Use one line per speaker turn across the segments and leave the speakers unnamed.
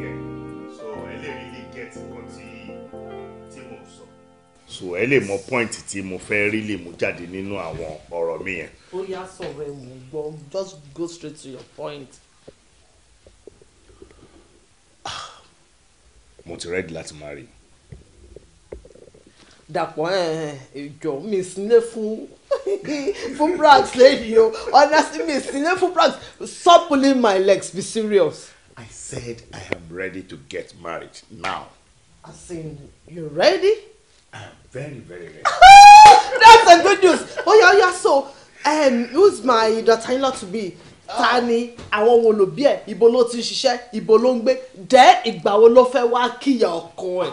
so ẹlẹ́rìí lè
get nǹkan tí tí mo sọ.
so ẹ lè mọ point tí mo fẹ́ rí lè mú jáde nínú àwọn ọ̀rọ̀ mi yẹn.
ó yá sọ̀rọ̀ ẹ̀ gbọ́ just go straight to your point.
mo ti
ready láti máa rí. dàpọ̀ ìjọ mi sílé fún fún brax lẹ́yìn o honestly mi sílé fún brax suppling my legs be serious.
I said I am ready to get married now.
I said you ready?
I am very, very ready.
That's a good news. Oh yeah, yeah. So, um, who's my daughter-in-law to be? ta ni àwọn wo ló bí ẹ ibo ló ti ń ṣiṣẹ́ ibo ló ń gbé dẹ ìgbà wo ló fẹ́ wá kíyà ọkọ ẹ.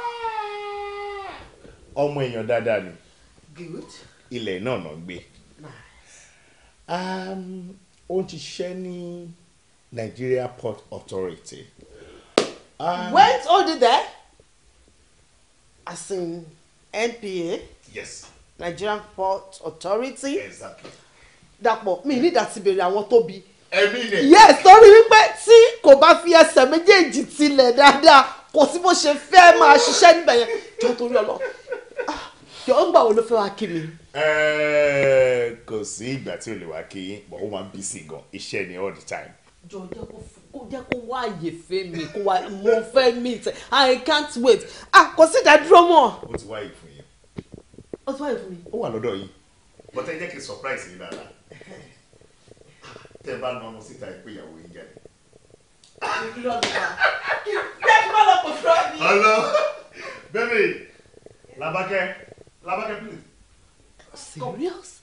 ọmọ èèyàn dáadáa ni ilẹ̀ náà Nice. Um ó ń ṣiṣẹ́ ní Nigeria Port Authority.
Um, went only there as in NPA. yes. Nigerian Port Authority. exactly. Dàpọ̀ mi ní ìdásí béèrè àwọn tó yes torí wípé tí kò bá fi ẹsẹ̀ méjèèjì tilẹ̀ dáadáa kò sí bó ṣe fẹ́ máa ṣiṣẹ́ níbẹ̀ yẹn tó torí ọlọ́run jọ ó gbà wo ló fẹ́ wá kí mi.
Eh, kò sí ìgbà tí o lè wá kí yín but ó máa ń bí sí gan iṣẹ́ ni all the time.
jọ jẹ kó kó jẹ kó wá àyè fẹ́ mi kó wá mo fẹ́ meet i can't wait ah kò sí ìdádúró mọ́.
ó ti wáyé fún yín.
ó ti wáyé fún mi. ó wà
lọ́dọ̀ yìí bọ́tẹ́ jẹ́ kí surprise yín dáadáa tẹ́ bá nà ọmọ síta ìpéyàwó yín jáde.
bẹ́ẹ̀ ni bá lọ pọ̀ fúlọ́ọ̀dì. ọlọ
bẹ́ẹ̀ ni Làbákẹ́. Labake, please.
Serious?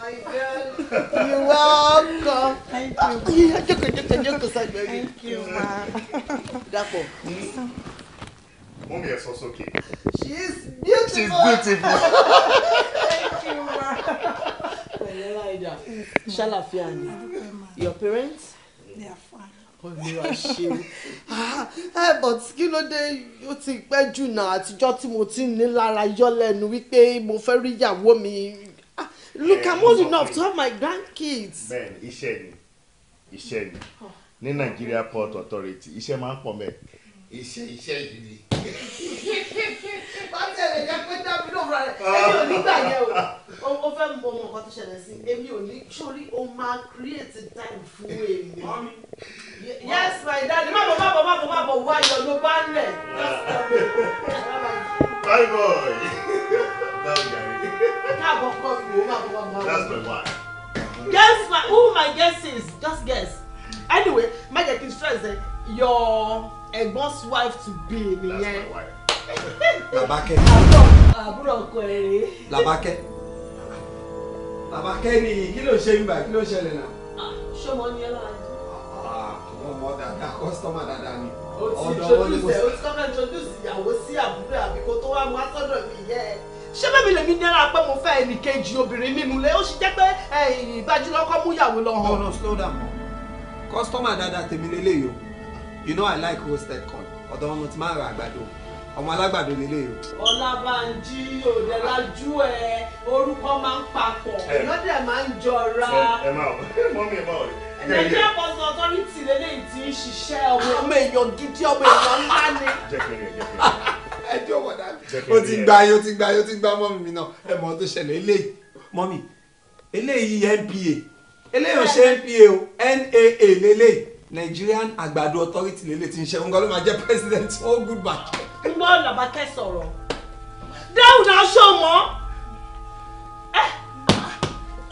My girl.
You're welcome.
Thank you. Ma. Jókòó, jókòó, jókòó side baby. Thank you, ma. Dàpọ̀. Mommy is also okay. She is beautiful. She's beautiful. Thank you, ma. Pẹ̀lẹ́ Láìda, Your parents? They are olúwa ṣe ẹ ah, eh, but kí ló dé ó ti pẹ́ jù náà àtijọ́ tí mo ti ní lára yọ lẹ́nu wípé mo fẹ́ rí ìyàwó mi ah, look i'm old enough to have my grandkids.
bẹ́ẹ̀ni iṣẹ́ ni iṣẹ́ ni ní Nigeria Port Authority iṣẹ́ máa ń pọ̀ mẹ iṣẹ́ iṣẹ́ yìí ni.
bá tẹ̀lé jẹ́ pé dábìlì òwúrọ̀ rẹ̀ ẹ̀yìn ò ní gbà yẹ o ó fẹ́ mọ ọmọ nǹkan tó ṣẹlẹ̀ sí èmi ò ní sórí ó máa create time fún èmi. yes my daddy má bọ̀ má bọ̀ má bọ̀ má bọ̀ wá yọ ló bá ń lẹ̀.
bye boy.
káàbọ̀ kọ́ mi ò má bọ̀ má that's my wife. guess my who my guess is just guess anyway my jẹ́ kí stress ẹ your ẹ̀gbọ́n's wife to be nìyẹn. that's my wife.
Labake.
Àbúrò ọkọ ẹ̀ rèé.
Labake bàbá kẹ́ni kí ló ṣe ń gbà kí ló ṣẹlẹ̀ náà.
Ah, ṣọmọ ni ẹ lára jù. Ah, ah, àwọn ọmọ dáadáa kọ́sítọ́mà dáadáa
ni.
o ti introduce ẹ o ti
kọ́kọ́ introduce ìyàwó sí àbúrò àbíkó tó wá mú asọ́dọ̀ mi yẹ ẹ ṣé bẹ́ẹ̀ mi lèmi nira pé mo fẹ́ ẹnìkejì obìnrin mi nulẹ̀ ó sì jẹ́ pé ìbájúlọ́kọ́ mú ìyàwó lọ hàn. no slow down kọ́sítọ́mà
dáadáa tèmi lélẹ́yìí o you know i like roasted corn ọ̀dọ̀ wọn mo ti máa ra àgbàdo ọmọ alágbàdo nílé yìí.
ọlábànjí òde lajú ẹ orúkọ máa ń papọ̀ lọ́dẹ̀ máa ń jọra. ẹ máa ọ mọ mi ẹ máa ọ rẹ. Nigeria Post Authority lélẹ́yìn tí ń ṣiṣẹ́ ọmọ. Ah, ọmọ èèyàn dúdú ọmọ èèyàn ńlá ni. ẹjọ́ ọ̀wọ̀dà
ó ti
gba ayé ó
ti gba ayé ó ti gba mọ́mì mi náà ẹ mọ̀ ọ́ tó ṣẹlẹ̀ eléyìí mọ́mì eléyìí NPA eléyìí ṣe NPA o NAA lélẹ́yìn Nigerian Àgbàdo Authority lélẹ́yìn tí ń ṣe ń ló máa jẹ́ president all good back
iná làbákẹ́ sọ̀rọ̀ dáhùn náà ṣó mọ́ ẹ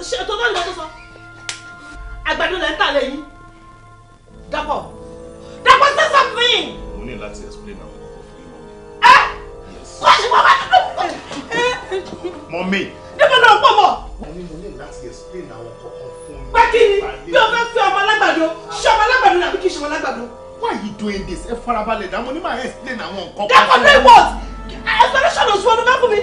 ṣe tó bá lè wọ́n tó sọ àgbàdo lẹ́ ń tà lẹ́yìn Dàpọ̀ Dàpọ̀ say something.
mo ní láti explain àwọn ọkọ̀ fún yín ẹ
kó ṣe wọ́n wá mọ́mí. níbo náà pọ̀ mọ́.
mo ní mo ní láti explain àwọn ọkọ̀ kan
fún yín. pé kí ni bí o fẹ́ fi ọmọ alágbàdo ṣe ọmọ alágbàdo
làbí kì í ṣe ọmọ alágbàdo doing this ẹ farabalẹ̀ dáhùn ní màá explain àwọn nǹkan. that's
my explanation oṣù ọdún náà fún mi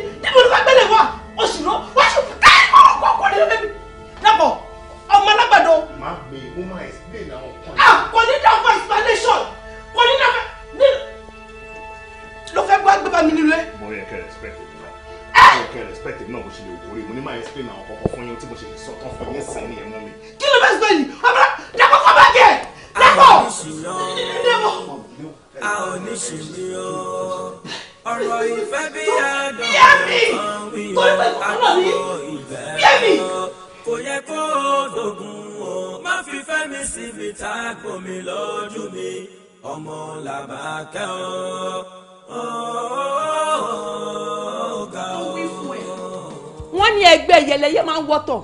dẹ̀ máa ń wọ́tọ̀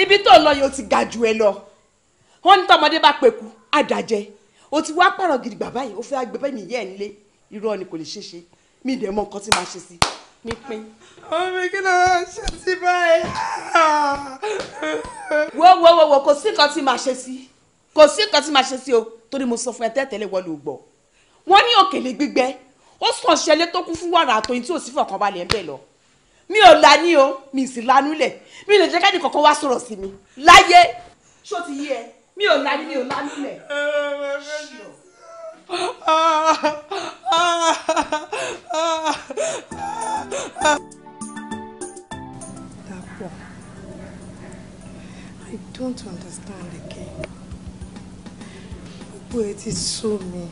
ibi tó lọ yìí ti ga jù ẹ lọ wọ́n ní tọmọdé bá pẹ̀kú àdàjẹ o ti wá pààrọ̀ gidi bàbá yìí o fẹ́ agbẹ́fẹ́ mi yẹ́ ẹ̀ nílé irọ́ ni kò lè ṣeé ṣe mi ì mọ nǹkan tí màá ṣe sí mi pín. omi kí ló ń ṣe sí báyìí. wo wo wo wo kò sí nǹkan tí màá ṣe sí kò sí nǹkan tí màá ṣe sí o torí mo sọ fún ẹ tẹ́tẹ́lẹ̀ wọ́n ló gbọ́ wọ́n ní òkèlè gbígbẹ́ ó sàn ṣẹlẹ̀ tó kún fún wàrà àtọyìn tí ò sí fọkànbalẹ̀ ń bẹ̀ lọ mi ò la ní o mi sì lanú lẹ̀ mi lè jẹ́ kẹ́ni kankan wá sọ̀rọ̀ sí mi láyé ṣó ti yé ẹ mi ò la ní mi ò lanú lẹ̀. Dàpọ̀ I don't understand again gbogbo ẹ ti sú mi.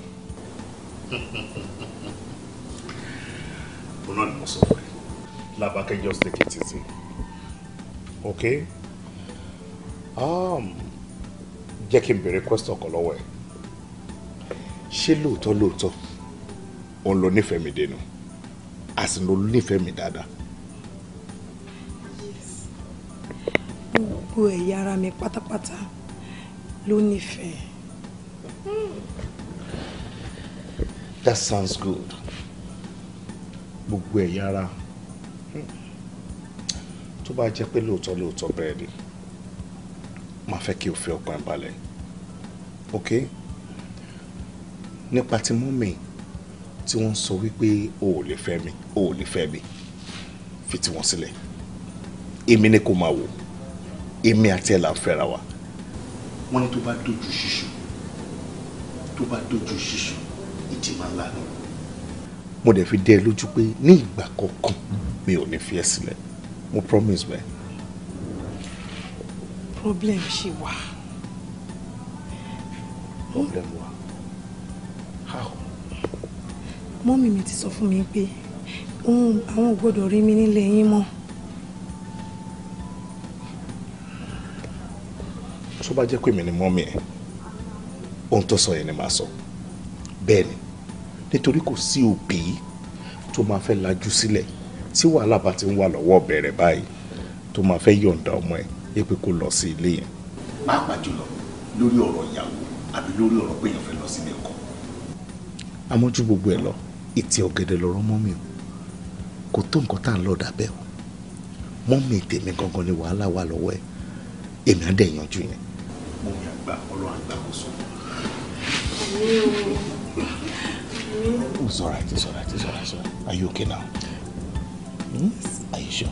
Mo ni mo sọ fún ẹ. Labake just take it easy. Okay? Um, jẹ́ kí n béèrè question kan lọ́wọ́ ẹ̀. Ṣé lóòótọ́ lóòótọ́ òun ló nífẹ̀ẹ́ mi dénú? Àsìn ló nífẹ̀ẹ́ mi dáadáa.
Gbogbo ẹ̀yà ara mi pátápátá ló nífẹ̀ẹ́.
That sounds good. Gbogbo ẹ̀yà ara tó bá jẹ́ pé lóòótọ́ lóòótọ́ bẹ́ẹ̀ ni máa fẹ́ kí o fi ọkàn balẹ̀ ok nípa ti mú mi tí wọ́n sọ wípé o ò lè fẹ́ mi o ò lè fẹ́ mi fi ti wọn sílẹ̀ èmi ni kò máa wò èmi àti ẹ̀ là ń fẹ́ra wa. wọ́n ní tó bá dojú ṣíṣù tó bá dojú ṣíṣù ìjì máa ń lanu. mo dẹ̀ fi dé ẹ lójú pé ní ìgbà kọ̀ọ̀kan mi ò ní fi ẹ́ sílẹ̀. Si mo promise bẹ́ẹ̀.
problem ṣì wà.
problem wà. how.
mọ́mì mi ti sọ fún mi pé àwọn ò gbọ́dọ̀ rí mi nílé yín mọ́.
tó bá jẹ́ pé mi ni mọ́mì ẹ̀ ohun tó sọ yẹn ni màá sọ bẹ́ẹ̀ ni nítorí kò sí òbí tó máa fẹ́ lajú sílẹ̀ tí wàhálà bá ti ń wà lọ́wọ́ bẹ̀rẹ̀ báyìí tó máa fẹ́ yọ̀ǹda ọmọ ẹ̀ yé pé kó lọ sí ilé yẹn. pàápàá jùlọ lórí ọ̀rọ̀ ìyàwó àbí lórí ọ̀rọ̀ pé èèyàn fẹ́ lọ sílé ọkọ. àmọ́ gbogbo ẹ̀ lọ ìtì ọ̀gẹ̀dẹ̀ lọ̀rọ̀ mọ́ mi o kò tó nǹkan tá à ń lọ dàbẹ́ o mọ́ mi tèmi gangan ni wàhálà wà lọ́wọ́ ẹ̀ èmi á dẹ̀ yanjú yẹn. mo ní àgbà ọlọ́run àgbà kò sọ. it's alright it's alright it's alright are you okay now. Yes. Are you sure?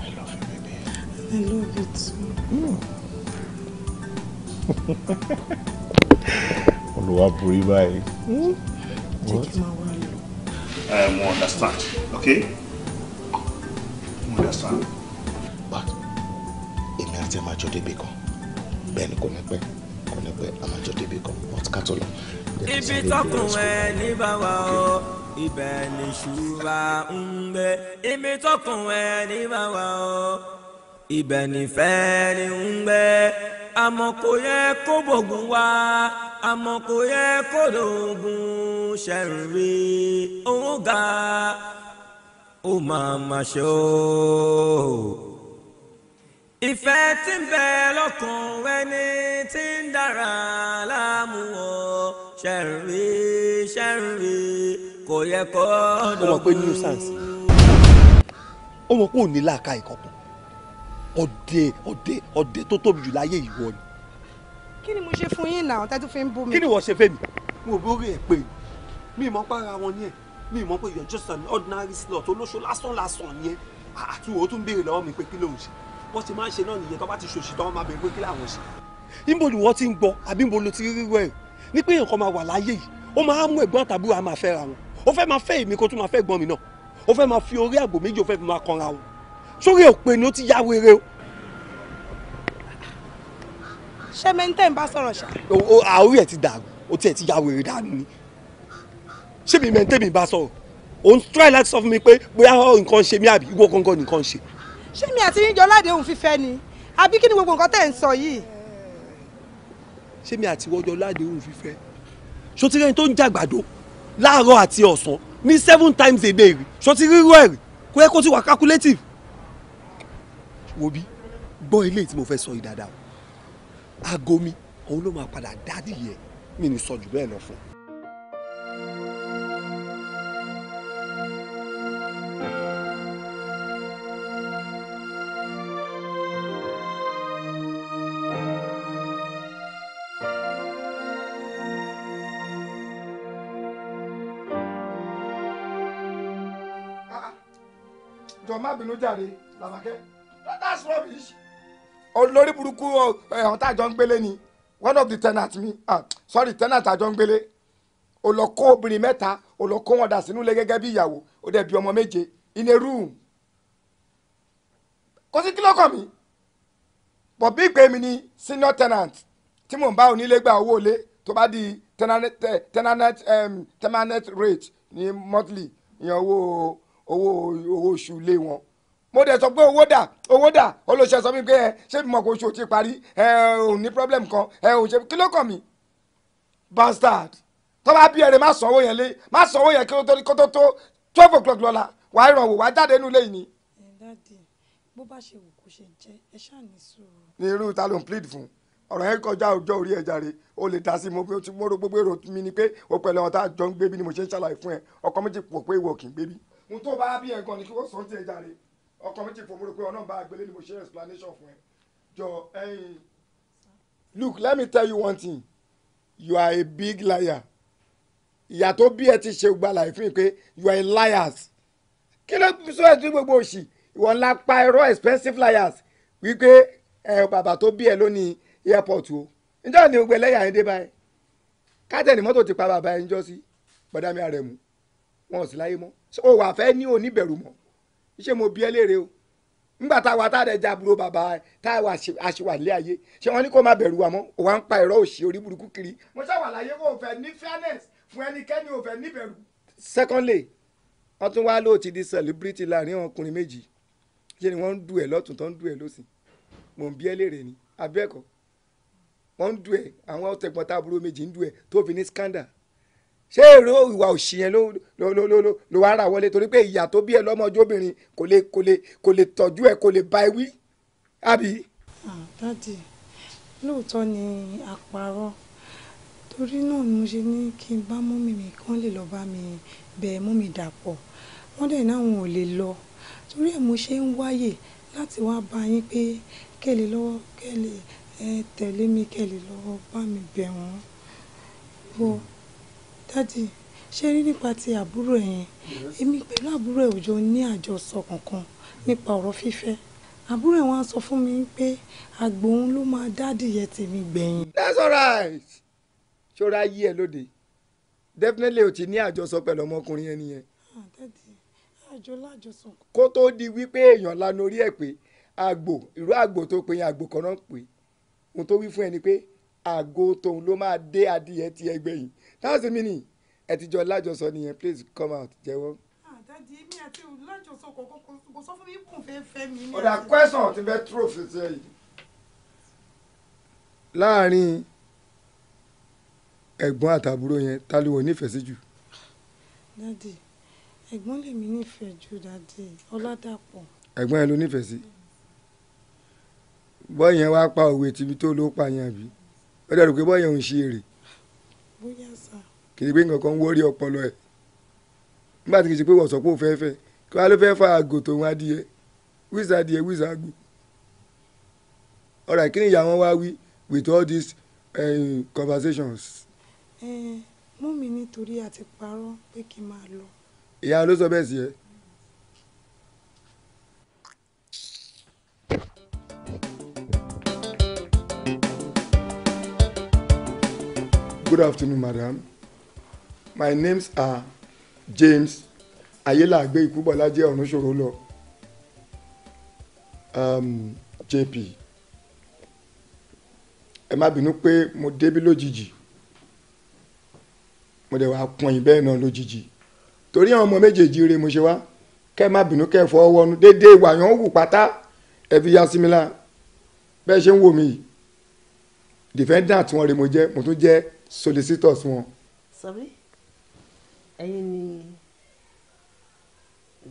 I love you, baby. I love you too. Mm. Olúwa borí báyìí. Hmm? Jẹ́ kí n máa wá lọ. Mo um, understand, okay? Mo understand. But èmi àti ẹ̀ máa jọ débi kan. Bẹ́ẹ̀ ni kò ní pẹ́ kò ní pẹ́ a máa jọ débi kan. But ká tó lọ. Ibi tọkùn ẹ ní
bàbá o ibẹ̀ nìṣúra ń gbé ibi tọkàn ẹni bá wà ó ibẹ̀ nìfẹ́ ni ń gbé àmọ́ kò yẹ kó bògùn wá àmọ́ kò yẹ kó lóògùn ṣẹ̀rí òun ga ó máa ma ṣe ìfẹ́ tí ń bẹ lọ́kàn ẹni tí ń dára láàmú ọ ṣẹ̀rí ṣẹ̀rí kò yẹ kó dọ̀kú. ó mọ̀ pé
nuisance ó mọ̀ pé ò ní làákà ìkọ̀kọ̀ ọ̀dẹ ọ̀dẹ ọ̀dẹ tó tóbi jù láyé ìwọ ni.
kí ni mo ṣe fún yín náà tẹ́tù fi ń bú mi. kí ni wọ́n
ṣe fẹ́ mi mo ò bórí ẹ̀ pé mi ìmọ̀ para wọn ni ẹ̀ mi ìmọ̀ pé you're just an ordinary slut olóṣó lásán lásán ni ẹ̀ àti òun tún béèrè lọ́wọ́ mi pé kí ló ń ṣe bó ti máa ń ṣe náà nìyẹn tó bá ti ṣòṣì tán máa bẹ̀rẹ̀ pé kí làwọn ṣe. níbo ni wọ́n ti ń gbọ́ àbí níbo ló ti rí rírọ́ ẹ̀ ní pé nǹkan máa wà láyé yìí ó máa mú ẹ̀gbọ́n àtàbúrò á máa fẹ́ra wọn ó fẹ́ máa fẹ́ èmi kó tún máa fẹ́ gbọ́n mi náà ó fẹ́ máa fi orí àgbò méjì ó fẹ́ fi máa kanra o sórí òpè ni ó ti yá wéré o.
ṣé mẹ́ńtẹ́ ń bá sọ̀rọ̀ ṣá.
o àórí ẹ̀ ti dàrú o tiẹ̀ ti yá wéré dànù ni ṣé mi mẹ́ńtẹ́ mi bá sọ̀rọ̀ o ń try láti sọ fún mi pé bóyá nǹkan ṣe mí àbí ìwọ gangan nìkan ṣe.
ṣé mi àti yíjọ ládé òun fífẹ́ ni àbí kí ni gbogbo nǹkan tẹ̀ ń sọ yìí.
ṣé mi àti wọ́jọ ládé òun fífẹ́ ṣó ti rẹ́ni tó ń jàgbàdo láàárọ̀ àti ọ̀sán ní seven times a day rí ṣọtí rírọ ẹ̀ rí kó yẹ kó ti wà calculative. wo bí gbọ́ ilé tí mo fẹ́ sọ yìí dáadáa o aago mi òun ló máa padà dádìyẹ
mi ní sọ jù bẹ́ẹ̀ lọ fún un
bínú jàre làbákẹ́ that's rubbish. olórí burúkú eh, ọ̀hún tá a jọ ń gbélé ni one of the tenants, mi ah sorry tenant àjọ ń gbélé o lọ kó obìnrin mẹ́ta o lọ kó wọn dà sínú ilé gẹ́gẹ́ bí ìyàwó o dẹ̀ bí ọmọ méje in a room kò sí kílọ̀kọ̀ mi bọ̀ bí ìpè mi ni senior tenant tí mò ń bá onílé gba owó ilé tó bá di tenant eh, tenant eh, um, tenant rate ní monthly ìyẹn owó owó owó oṣù ilé wọn mo dẹ̀ sọ pé owó dà owó dà olóṣèlú sọ mi pé ẹ ṣé mi mọ̀ kó oṣù ti parí ẹ ò ní problem kan ẹ ò ṣe kí ló kàn mí bastard tó bá bí ẹrẹ má san owó yẹn lé má san owó yẹn kó tó tó twelve o'clock lọ́la wàá ràn wò wàá jáde nílé yìí ni.
ẹ dáàdi bó bá ṣe wù kó ṣe jẹ ẹ ṣáà ní sùúrù.
ní irú ta ló ń plead fún ọ̀rọ̀ yẹn kọjá ọjọ́ orí ẹ̀ jàre o lè dá sí mo mo ro gbogbo èrò mi ni pé o pẹ̀lú ọ̀tá jọ ń gbé bí ni mo ṣe ń ṣàlàyé fún ẹ ọkọ méjì pọ̀ pé ìwọ kì í gbé bí mo tó bá bí ẹ̀gàn ni kí wọ́n sọ ti ẹ̀ jàre ọkọ mi ti fò mo rò pé ọ̀nà bá gbélé ni mo ṣe explanation fún ẹ jọ ẹyin. look let me tell you one thing you are a big liar ìyá tó bí ẹ ti ṣe gbala ìfún mi pé you are a liars kí ló sọ ẹ tí gbogbo òṣì ìwọ ńlá pa ẹ̀rọ expensive liars wípé ẹ bàbá tó bí ẹ ló airport o níjọ́ ni gbogbo ẹlẹ́yà ẹ dé báyìí káàtẹ́ẹ̀nì mọ́tò ti pa bàbá ẹ ń jọ́ sí bọ́dá mi àrẹ̀mú wọn ò sí láyé mọ́ ó wà fẹ́ ní oníbẹ̀rù mọ́ ṣé mo bí ẹ léèrè o nígbà tá a wà tá a dẹ̀ já àbúrò bàbá tá ayé ṣé wọ́n ní kó má bẹ̀rù wa mọ́ ò wá ń pa ìrọ́ òṣì orí burúkú kiri. mo ṣàwà láyé kó o fẹ́ ní fairness fún ẹnikẹ́ni ò fẹ́ níbẹ̀rù. secondly wọ́n tún wá lóò ti di celebrity láàrin ọkùnrin méjì ṣé ni wọ́n ń du ẹ̀ lọ́tún tó ń du ẹ̀ lọ́sìn mò ń bí ẹ léèrè ni abẹ́ẹ̀kọ́ wọ́n ń du ẹ̀ àwọn tẹ̀gbọ́n méjì ń du ẹ̀ tó fi ní scandal ṣé èrò ìwà òṣì yẹn ló ló ló ló ló wá ra wọlé torí pé ìyá tó bí ẹ lọ́mọdébìnrin kò lè kò lè kò lè tọ́jú ẹ kò lè bá ẹ wí àbí.
dádì lóòótọ́ ni àpárọ̀ torí náà ni mo ṣe ní kí n bá mọ́mì mi kán lè lọ́ọ́ bá mi bẹ mọ́mì dàpọ̀ wọ́n dẹ̀ náà wọn ò lè lọ torí ẹ̀ mo ṣe ń wáyè láti wá bá yín pé kẹ́lẹ̀ lọ́wọ́ kẹ́lẹ̀ ẹ tẹ̀lé mi kẹ́lẹ̀ lọ́wọ́ bá mi bẹ̀ wọ́n dádì ṣé rí nípa ti àbúrò ẹ̀ yẹn èmi pẹ̀lú àbúrò ẹ̀ òjò ní àjọsọ kankan nípa ọ̀rọ̀ fífẹ́ àbúrò ẹ̀ wọn sọ fún mi pé àgbò ló máa dádì tèmi gbẹ̀yìn. that's alright
ṣọ́ra yí ẹ lóde definitely o ti ní àjọsọ pẹ̀lú ọmọkùnrin ẹni yẹn.
Ah, dádì àjọ lájọsọ.
kó tó di wípé èèyàn lanu orí ẹ̀ pé àgbò irú àgbò tó pe àgbò kan náà pé ohun tó wí fún ẹ ni pé àgò tóun ló máa dé adìyẹ tiẹ̀ gbẹ̀yìn that's the meaning ẹ ti jọ lájọsọ nìyẹn please come out jẹ́wọ́.
àdájí ah, mi àti lájọsọ kò sọ fún mi kò fẹ́ fẹ́ mi. ọ̀dà question
ti fẹ́ tró fèsì ẹ̀ yìí. láàárín ẹ̀gbọ́n àtàbúrò yẹn ta ló wọ nífẹ̀ẹ́ sí jù.
dádì ẹ̀gbọ́n lèmi nífẹ̀ẹ́ jù dádì ọládàpọ̀.
ẹ̀gbọ́n yẹn ló nífẹ̀ẹ́ sí bọ́ọ̀ yẹn wá pa òwe tìbí tó ló pa yẹn àbí ó dẹ̀ rò pé bọ́ọ̀ yẹn ò ń ṣe èrè bóyá sà. kì í pé nǹkan kan ń wọ́rí ọpọlọ ẹ̀ nígbà tí kì í ṣe pé wọ́n sọ pé ó fẹ́ fẹ́ kí wọ́n á ló fẹ́ fa àgò tòun adìyẹ wíṣà adìyẹ wíṣà àgbò ọ̀rọ̀ kí ni ìyá wọn wá wí with all these um, conversations.
ẹ mú mi nítorí àti parọ́ pé kí n máa lọ.
ìyá ló sọ bẹ́ẹ̀ sí ẹ. Good afternoon, madam. My names are James Ayelagbe Ikubolaje Onusorolo um, JP. Ẹ má bínú pé mo débí lójijì. Mo dẹ̀ wá pọ̀yìn bẹ́ẹ̀ náà lójijì. Torí àwọn ọmọ méjèèjì rẹ̀ mo ṣe wá. Kẹ́ má bínú kẹ́ fọ́ wọnú. Dédé ìwà wù pátá. Ẹ ya sí mi Bẹ́ẹ̀ ṣe ń wò mí. Defendant wọn rè mo jẹ́. Mo tún jẹ́ solicitors wọn.
sorry ẹ̀yin ni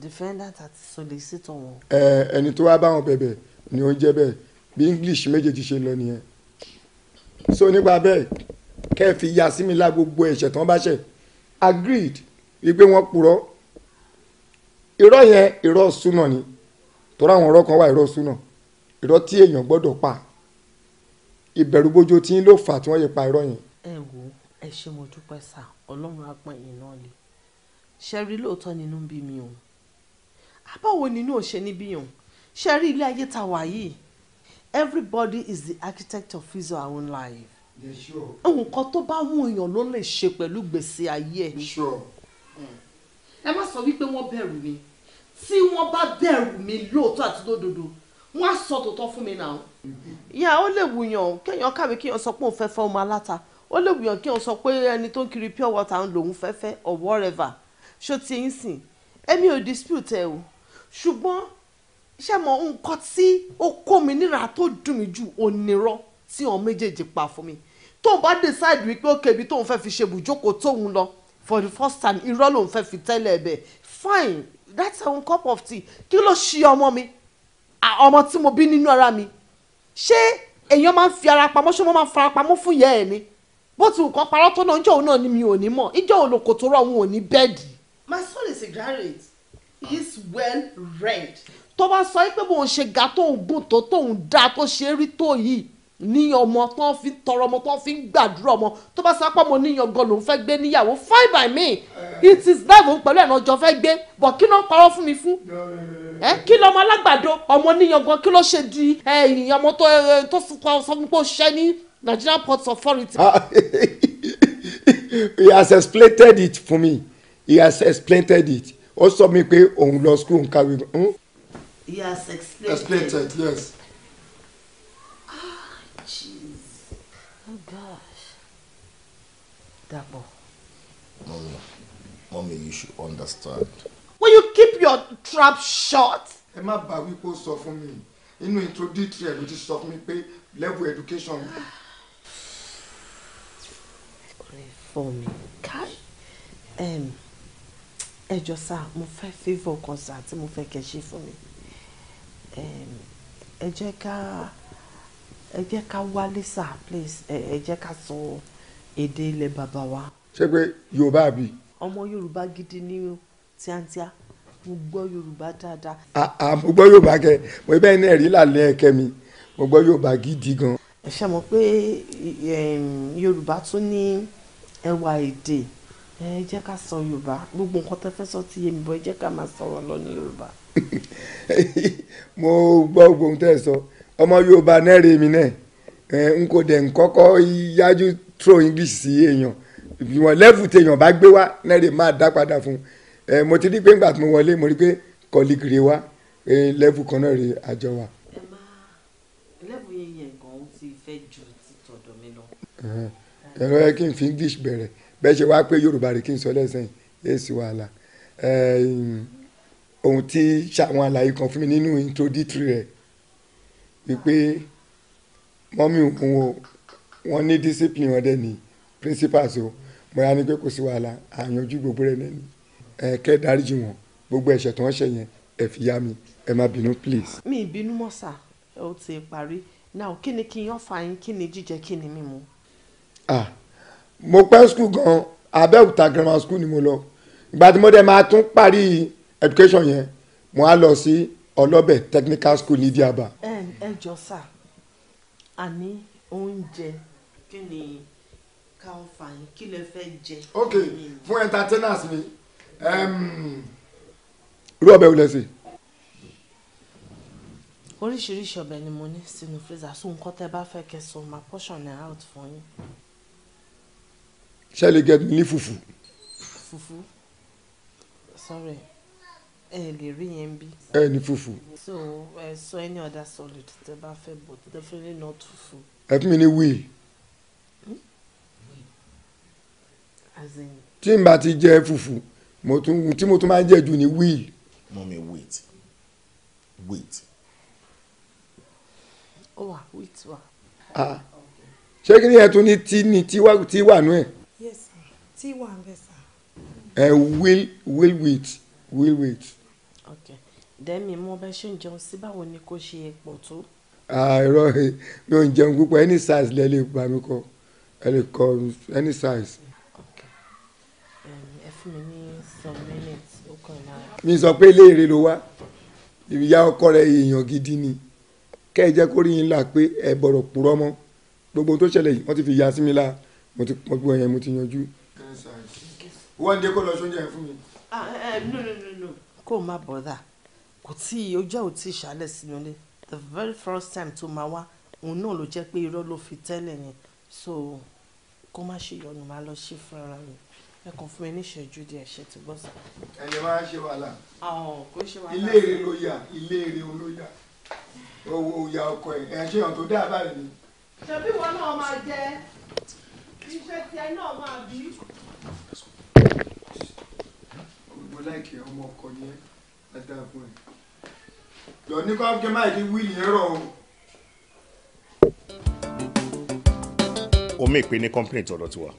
defendant àti solicitor wọn.
ẹ ẹni tó wá bá wọn bẹ̀bẹ̀ ni ó ń jẹ́ bẹ́ẹ̀ bí english méjèèjì ṣe lọ nìyẹn so nípa bẹ́ẹ̀ kẹ́ ẹ fi ya sí gbogbo ẹ̀ṣẹ̀ tí wọ́n bá ṣẹ̀ agreed wípé wọ́n purọ́ irọ́ yẹn irọ́ súnà ni torí àwọn ọ̀rọ̀ kan wà irọ́ súnà irọ́ tí èèyàn gbọ́dọ̀ pa ìbẹ̀rù bójú tí ń lò fà tí wọ́n yẹ pa irọ́ yẹn ẹ
wò ó ẹ ṣé mo dúpẹ́ sà ọlọ́run á pọ́n náà lé ṣe rí lóòótọ́ nínú bí mi o àbáwo nínú ò níbí o ṣe rí ilé ayé ta wà yìí everybody is the architect of his or her own life nǹkan tó bá mú èèyàn ló lè ṣe pẹ̀lú gbèsè ayé ẹ̀. ẹ má sọ wípé wọ́n bẹ̀rù mi tí wọ́n bá bẹ̀rù mi lóòótọ́ àti lódodo wọ́n á sọ tòótọ́ fún mi náà. ìyá ó lè wùyàn kéèyàn kàwé kéèyàn sọ pé òun fẹ́ fẹ́ ọmọ aláta ó lè wùyàn kí n sọ pé ẹni tó ń kiri pure water ń lòun fẹ́fẹ́ or whatever ṣó ti ń sìn èmi ò dispute ẹ o ṣùgbọ́n ṣé mo nǹkan tí ó kó mi níra tó dùn mí jù onírọ́ tí àwọn méjèèjì pa fún mi tóun bá decide wípé ó kébi tóun fẹ́ fi ṣe bùjókòó tóun lọ for the first time irọ́ lòun fẹ́ fi tẹ́lẹ̀ ẹ̀ bẹ́ẹ̀ fine that's a cup of tea kí ló ṣe ọmọ mi ọmọ tí mo bí nínú ara mi ṣé èèyàn máa ń fi ara pamọ́ ṣé wọ́n máa ń fara pamọ́ fún ìyá ẹ̀ ni bó ti nǹkan parọ́ tó náà ìjọ òun náà ni mi ò ní mọ̀ ìjọ òun lòkò tó rọ̀ òun ò ní bẹ́ẹ̀dì. my son is a graduate he is well read. tó bá sọ pé bóun ṣe ga tóun gùn tó tóun dá tó ṣe rí tó yìí ní ọmọ tó ń fi tọrọ ọmọ tó ń fi ń gbàdúrà ọmọ tó bá sọ pé ọmọ níyan gan lòún fẹ́ gbé níyàwó fine by me uh. it is life òun pẹ̀lú ẹ̀nà ọjọ́ fẹ́ gbé bọ̀ kí ló ń parọ́ fún mi fún ẹ kí lọ́mọ alágbàdo ọmọ níyan gan kí ló ṣe di ẹ̀yìn ọmọ tó sọ fún pé ó ṣẹ́ ní Nigerian Ports Authority. Ah, he
has explained it for me he has explained it ó sọ mi pé òun lọ school ń kàwé.
he has explained, explained it. yes. ah jeez oh gosh
Dàpọ̀. mummy mummy you should understand.
will you
keep your trap shut. ẹ má bàa wípé ó sọ fún mi inú introductory ẹ ló ti sọ fún mi pé level education.
for me kai um, ẹ jọ sá mo fẹ́ favour kan sá tí mo fẹ́ kẹ́ ṣe fún mi ẹ jẹ́ ká ẹ jẹ́ ká wálé sá please ẹ jẹ́ ká sọ èdè ilẹ̀ bàbá wa. ṣé
pé yorùbá àbí.
ọmọ yorùbá gidi ni o tíátíá mo gbọ́ yorùbá dáadáa.
àà mo gbọ́ yorùbá kẹ mo bẹ́ẹ̀ ní ẹ̀rí lálẹ́ ẹ̀kẹ́ mi mo gbọ́ yorùbá gidi gan.
ẹ ṣe mọ̀ pé yorùbá tún ní. Ni ẹ wá èdè ẹ jẹ́ ká sọ yorùbá gbogbo nǹkan tẹ́ fẹ́ sọ ti yé mi bọ́ ẹ jẹ́ ká máa sọ̀rọ̀ lọ ní yorùbá.
mo gbọ́ ohun tẹ́ ẹ sọ ọmọ yorùbá náà rèé mi náà n kò dẹ̀ ń kọ́kọ́ yájú throw english sí èèyàn ìwọ̀n lẹ́fù téèyàn bá gbé wá náà rèé máa dá padà fún un mo ti rí pé ńgbà tí mo wọlé mo rí pé kọ́líkì rèé wá lẹ́fù kan náà rèé àjọ wa. ẹ máa
lẹ́fù yẹn yẹn gan-an ti fẹ́ ju ti tọ̀dọ̀ mi lọ
ẹ̀rọ yẹ kí n fi english bẹ̀rẹ̀ bẹ́ẹ̀ ṣe wá pé yorùbá rẹ̀ kí n sọ lẹ́sìn èsì wàhálà ohun tí ṣàwọn àlàyé kan fún mi nínú introductory rẹ̀ wípé mọ́mí òkun o wọ́n ní discipline wọn dẹ̀ ní principals o mo yà ni pé kò sí wàhálà àyànjú gbogbo rẹ̀ nẹ́ni kẹ́ dáríjì wọn gbogbo ẹ̀ṣẹ̀ tí wọ́n ṣẹ̀ yẹn ẹ fi yá mi ẹ má bínú please.
mi ìbínú mọ́sà ó ti parí náà kí ni kí n yàn fa yín kí ni jíjẹ kí ni mímu
ah mo pẹ́ skul gan abẹ́òkúta grammar school ni mo lọ ìgbà tí mo dẹ̀ máa tún parí education yẹn mo á lọ sí ọlọ́bẹ̀ technical school ní diaba.
ẹ ẹ jọ sá àní oúnjẹ kí ni ká ń fà yín kí lẹ fẹ́ jẹ. ok fún entertainers mi rú ọbẹ̀ wo lẹ ṣe. oríṣiríṣi ọbẹ̀ ni mo ní sínú freezer so nǹkan tẹ́ bá fẹ́ kẹsàn-án máa portion it out fún yín
ṣẹlẹ get me ní Fufu,
fùfú sorry ẹ lè rí yẹn bí. ẹ ní fùfú. so ẹ sọ any other solid tẹ bá fẹ́ but definitely not fufu.
ẹ fún mi ní wíì. Hmm? tí n bá ti jẹ fùfú tí mo tún máa ń jẹ jù ní wíì.
mọ́mi wait
wait.
ó wà wait wà.
Ah. ṣé kí ni ẹ tún ní tí ní tí wà nú ẹ̀
tí wà ń bẹ̀ sà.
ẹ will will wait will wait.
ok dẹ́mi mo bẹ ṣe ń jẹun sí báwo ni kò ṣe pọ̀ tó.
àìrọ mi ò ń jẹun púpọ̀ any size lẹ lè bá mi kọ ẹ lè kọ any size. ok
ẹ fún mi ní some minutes ó kàn lára.
mi sọ pé léèrè ló wá ìyá ọkọ rẹ èèyàn gidi ni kẹ́ ẹ jẹ́ kó rí yín là pé ẹ bọ̀rọ̀ purọ́ mọ́ gbogbo tó ṣẹlẹ̀ yìí wọ́n ti fi ya sí mi la mo ti pọ́n gbogbo ẹ̀yẹn mo ti
yanjú wọ́n
kó no no no no
kó o má bọ́dà kò tí ojú ò tí ì ṣálẹ̀ sínú ilé the very first time tó máa wá òun náà ló jẹ́ pé irọ́ ló fi tẹ́lẹ̀ yẹn so kó má ṣe yọnu máa lọ ṣe fúnra mi ẹ kàn fún mi ní ìṣẹ́jú díẹ̀ ṣe ti gbọ́ sọ.
ẹ lè máa ṣe wàhálà ilé èrè ló yà ilé èrè ló yà owó ìyá ọkọ ẹ ẹ ṣe hàn tó dáa báyìí ni.
ṣebí wọn náà máa jẹ iṣẹ́ tí ẹ náà máa bí. mo láìkè ọmọ ọkọ yẹn dáadáa fún ẹ
lọ ní kó kí n máa di wíìlì yẹn rọ o. omi ìpè ní kọ́ńpìnì tọ̀dọ̀ tiwa.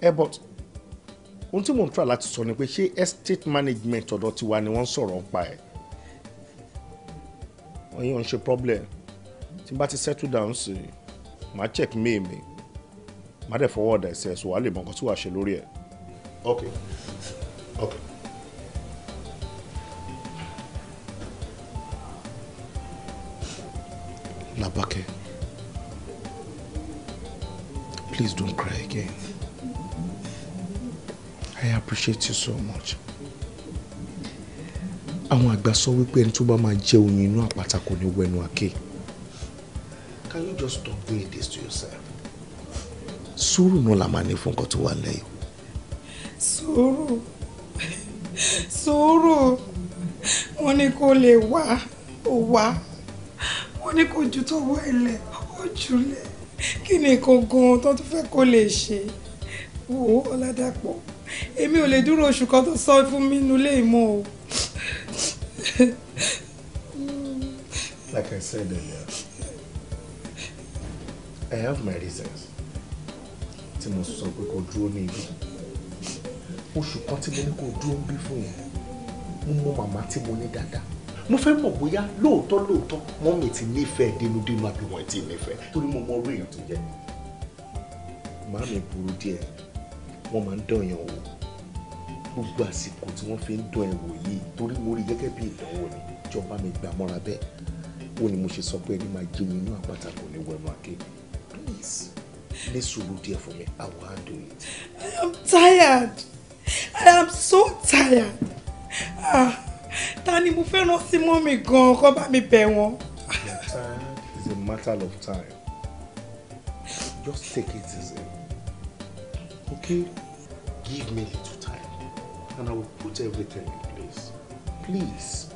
ẹ eh, bọ́t ohun tí mò ń tura láti sọ ni pé ṣé estate management ọ̀dọ̀ tiwa ni wọ́n ń sọ̀rọ̀ ń pa ẹ̀ wọ́n yóò ń ṣe problem tí n bá ti settle down sí i màá check mail mi màá dẹ̀ fọwọ́ ọ̀dà ẹ̀sẹ̀ ẹ̀sùn wàá lè mọ nǹkan tí wàá ṣe lórí ẹ̀. ok ok. Labake, please don't cry again. I appreciate you so much. Àwọn àgbà sọ wípé ẹni tó bá máa jẹ oyin inú àpáta kò ní wẹnu àké can you just stop doing this to yourself? sùúrù náà la máa ní fún nǹkan tó wà lẹ́yìn.
sùúrù sùúrù wọ́n ní kó lè wá ó wá wọ́n ní kó ju tọwọ́ ẹ̀ lẹ̀ ó jùlẹ̀ kí ni nǹkan gan tó tún fẹ́ kó lè ṣe wò ó ọ̀làdàpọ̀ èmi ò lè dúró oṣù kan tó sọ fún mi nulẹ̀ ìmọ̀ o.
like I said earlier I have my reasons tí mo sọ pé kò dúró ní ibi oṣù kan tí mo ní kò dúró ń bí fún yẹn mo mọ màmá tí mo ní dáadáa mo fẹ́ mọ̀ bóyá lóòótọ́ lóòótọ́ mọ́mì ti nífẹ̀ẹ́ dénúdénú àbí wọ́n ti nífẹ̀ẹ́ torí mo mọ orí èèyàn tó jẹ́ màmí burú díẹ̀ wọ́n máa ń dán èèyàn wò gbogbo àsìkò tí wọ́n fi ń dán ẹ̀ wò yìí torí mo rí gẹ́gẹ́ bí ìdánwò ni ìjọba mi gbà mọ́ra bẹ́ẹ̀ ó ní mo ṣe sọ pé ẹni máa jẹun inú àpáta kò ní wẹ̀nu àké please. Ní sùúrù díẹ̀ fún mi, I will handle it.
I am tired. I am so tired. Ah, Tani, ni mo fẹ́ rán sí gone. Come back, me kó bá mi bẹ̀ wọ́n.
Your time is a matter of time. Just take it easy. Okay? Give me little time and I will put everything in place. Please.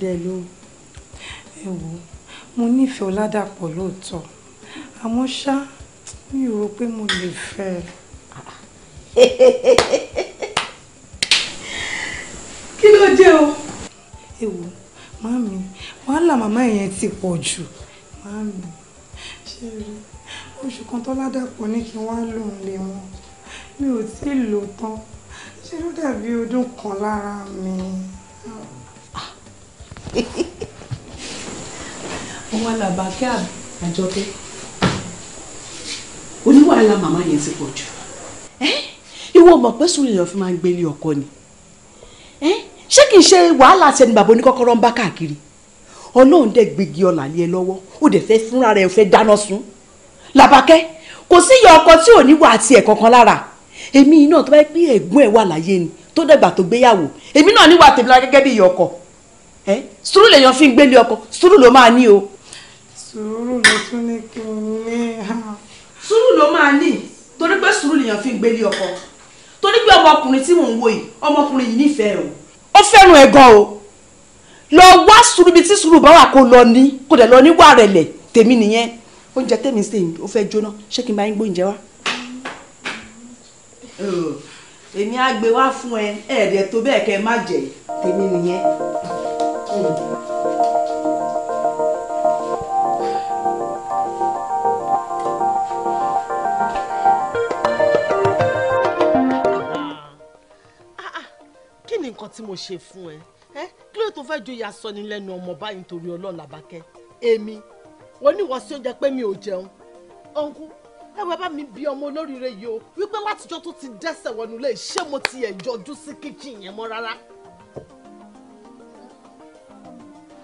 dẹ́ lóhùn ẹ wò mo nífẹ̀ẹ́ Ọládàpọ̀ lóòótọ́ àmọ́ ṣá mi ò rò pé mo lè fẹ́ ẹ. kí ló dé o. ẹ wò màámi wàhálà màmá yẹn ti pọ̀ jù màámi ṣe rí oṣù kan tọ́ládàpọ̀ ní kí wọ́n á lòun lé wọn mi ò tí ì lò tán ṣé ló dàbí ọdún kan lára mi ọwọ́ alàbàkẹ́ àjọkẹ́ oníwàhálà màmá yẹn ti pọ̀ jù. ìwọ mọ̀ pé sùn lèèyàn fi máa ń gbélé ọkọ ni ṣé kìí ṣe wàhálà àtẹni bàbá oníkọ́kọ́rọ́ ń bá káàkiri ọlọ́run dẹ̀ gbégi ọ̀là lé ẹ lọ́wọ́ ó dẹ̀ fẹ́ fúnra rẹ̀ fẹ́ dáná sun làbàkẹ́ kò sí ìyá ọkọ tí ò ní wà àti ẹ̀ kankan lára èmi náà tó bá yẹ pé ẹ̀gbọ́n ẹ̀ wà láyé ni tó dẹ̀gbà tó gbéyàwó èmi náà níwà tèmi lára gẹ́gẹ́ bí ìyá ọkọ Eh? sùúrù lèèyàn fi ń gbélé ọkọ sùúrù ló máa ní o. sùúrù ló tún ní kí n ní. sùúrù ló máa ní torí pé sùúrù lèèyàn fi ń gbélé ọkọ torí pé ọmọkùnrin tí mò ń wo yìí ọmọkùnrin yìí nífẹ̀ẹ́ o. ó fẹ́ràn ẹ̀ gan o lọ wá sùúrù bíi tí sùúrù bá wà kó lọ ní kó dẹ̀ lọ ní wà rẹ̀ lẹ̀ tèmi nìyẹn oúnjẹ tèmi sè ó fẹ́ jóná ṣé kí n bá yín gbóúnjẹ wá èmi á gbé wá fún ẹ ẹ̀ẹ́dẹ̀ tó bẹ́ẹ̀ kẹ́ má jẹ tèmi nìyẹn kí ni nǹkan tí mo ṣe fún ẹ ẹ kí ló tó fẹ́ joyè asọ ni lẹ́nu ọmọ báyìí nítorí ọlọ́run làbákẹ́ èmi wọn ní ìwọ̀sí oúnjẹ pé mi ò jẹun ọ̀nkú ẹ wọ bá mi bí ọmọ olóríire yìí o wípé látijọ́ tó ti dẹ́sẹ̀ wọnú lé ṣé mo ti ẹ̀ jọjú sí kíchìn yẹn mọ́ rárá.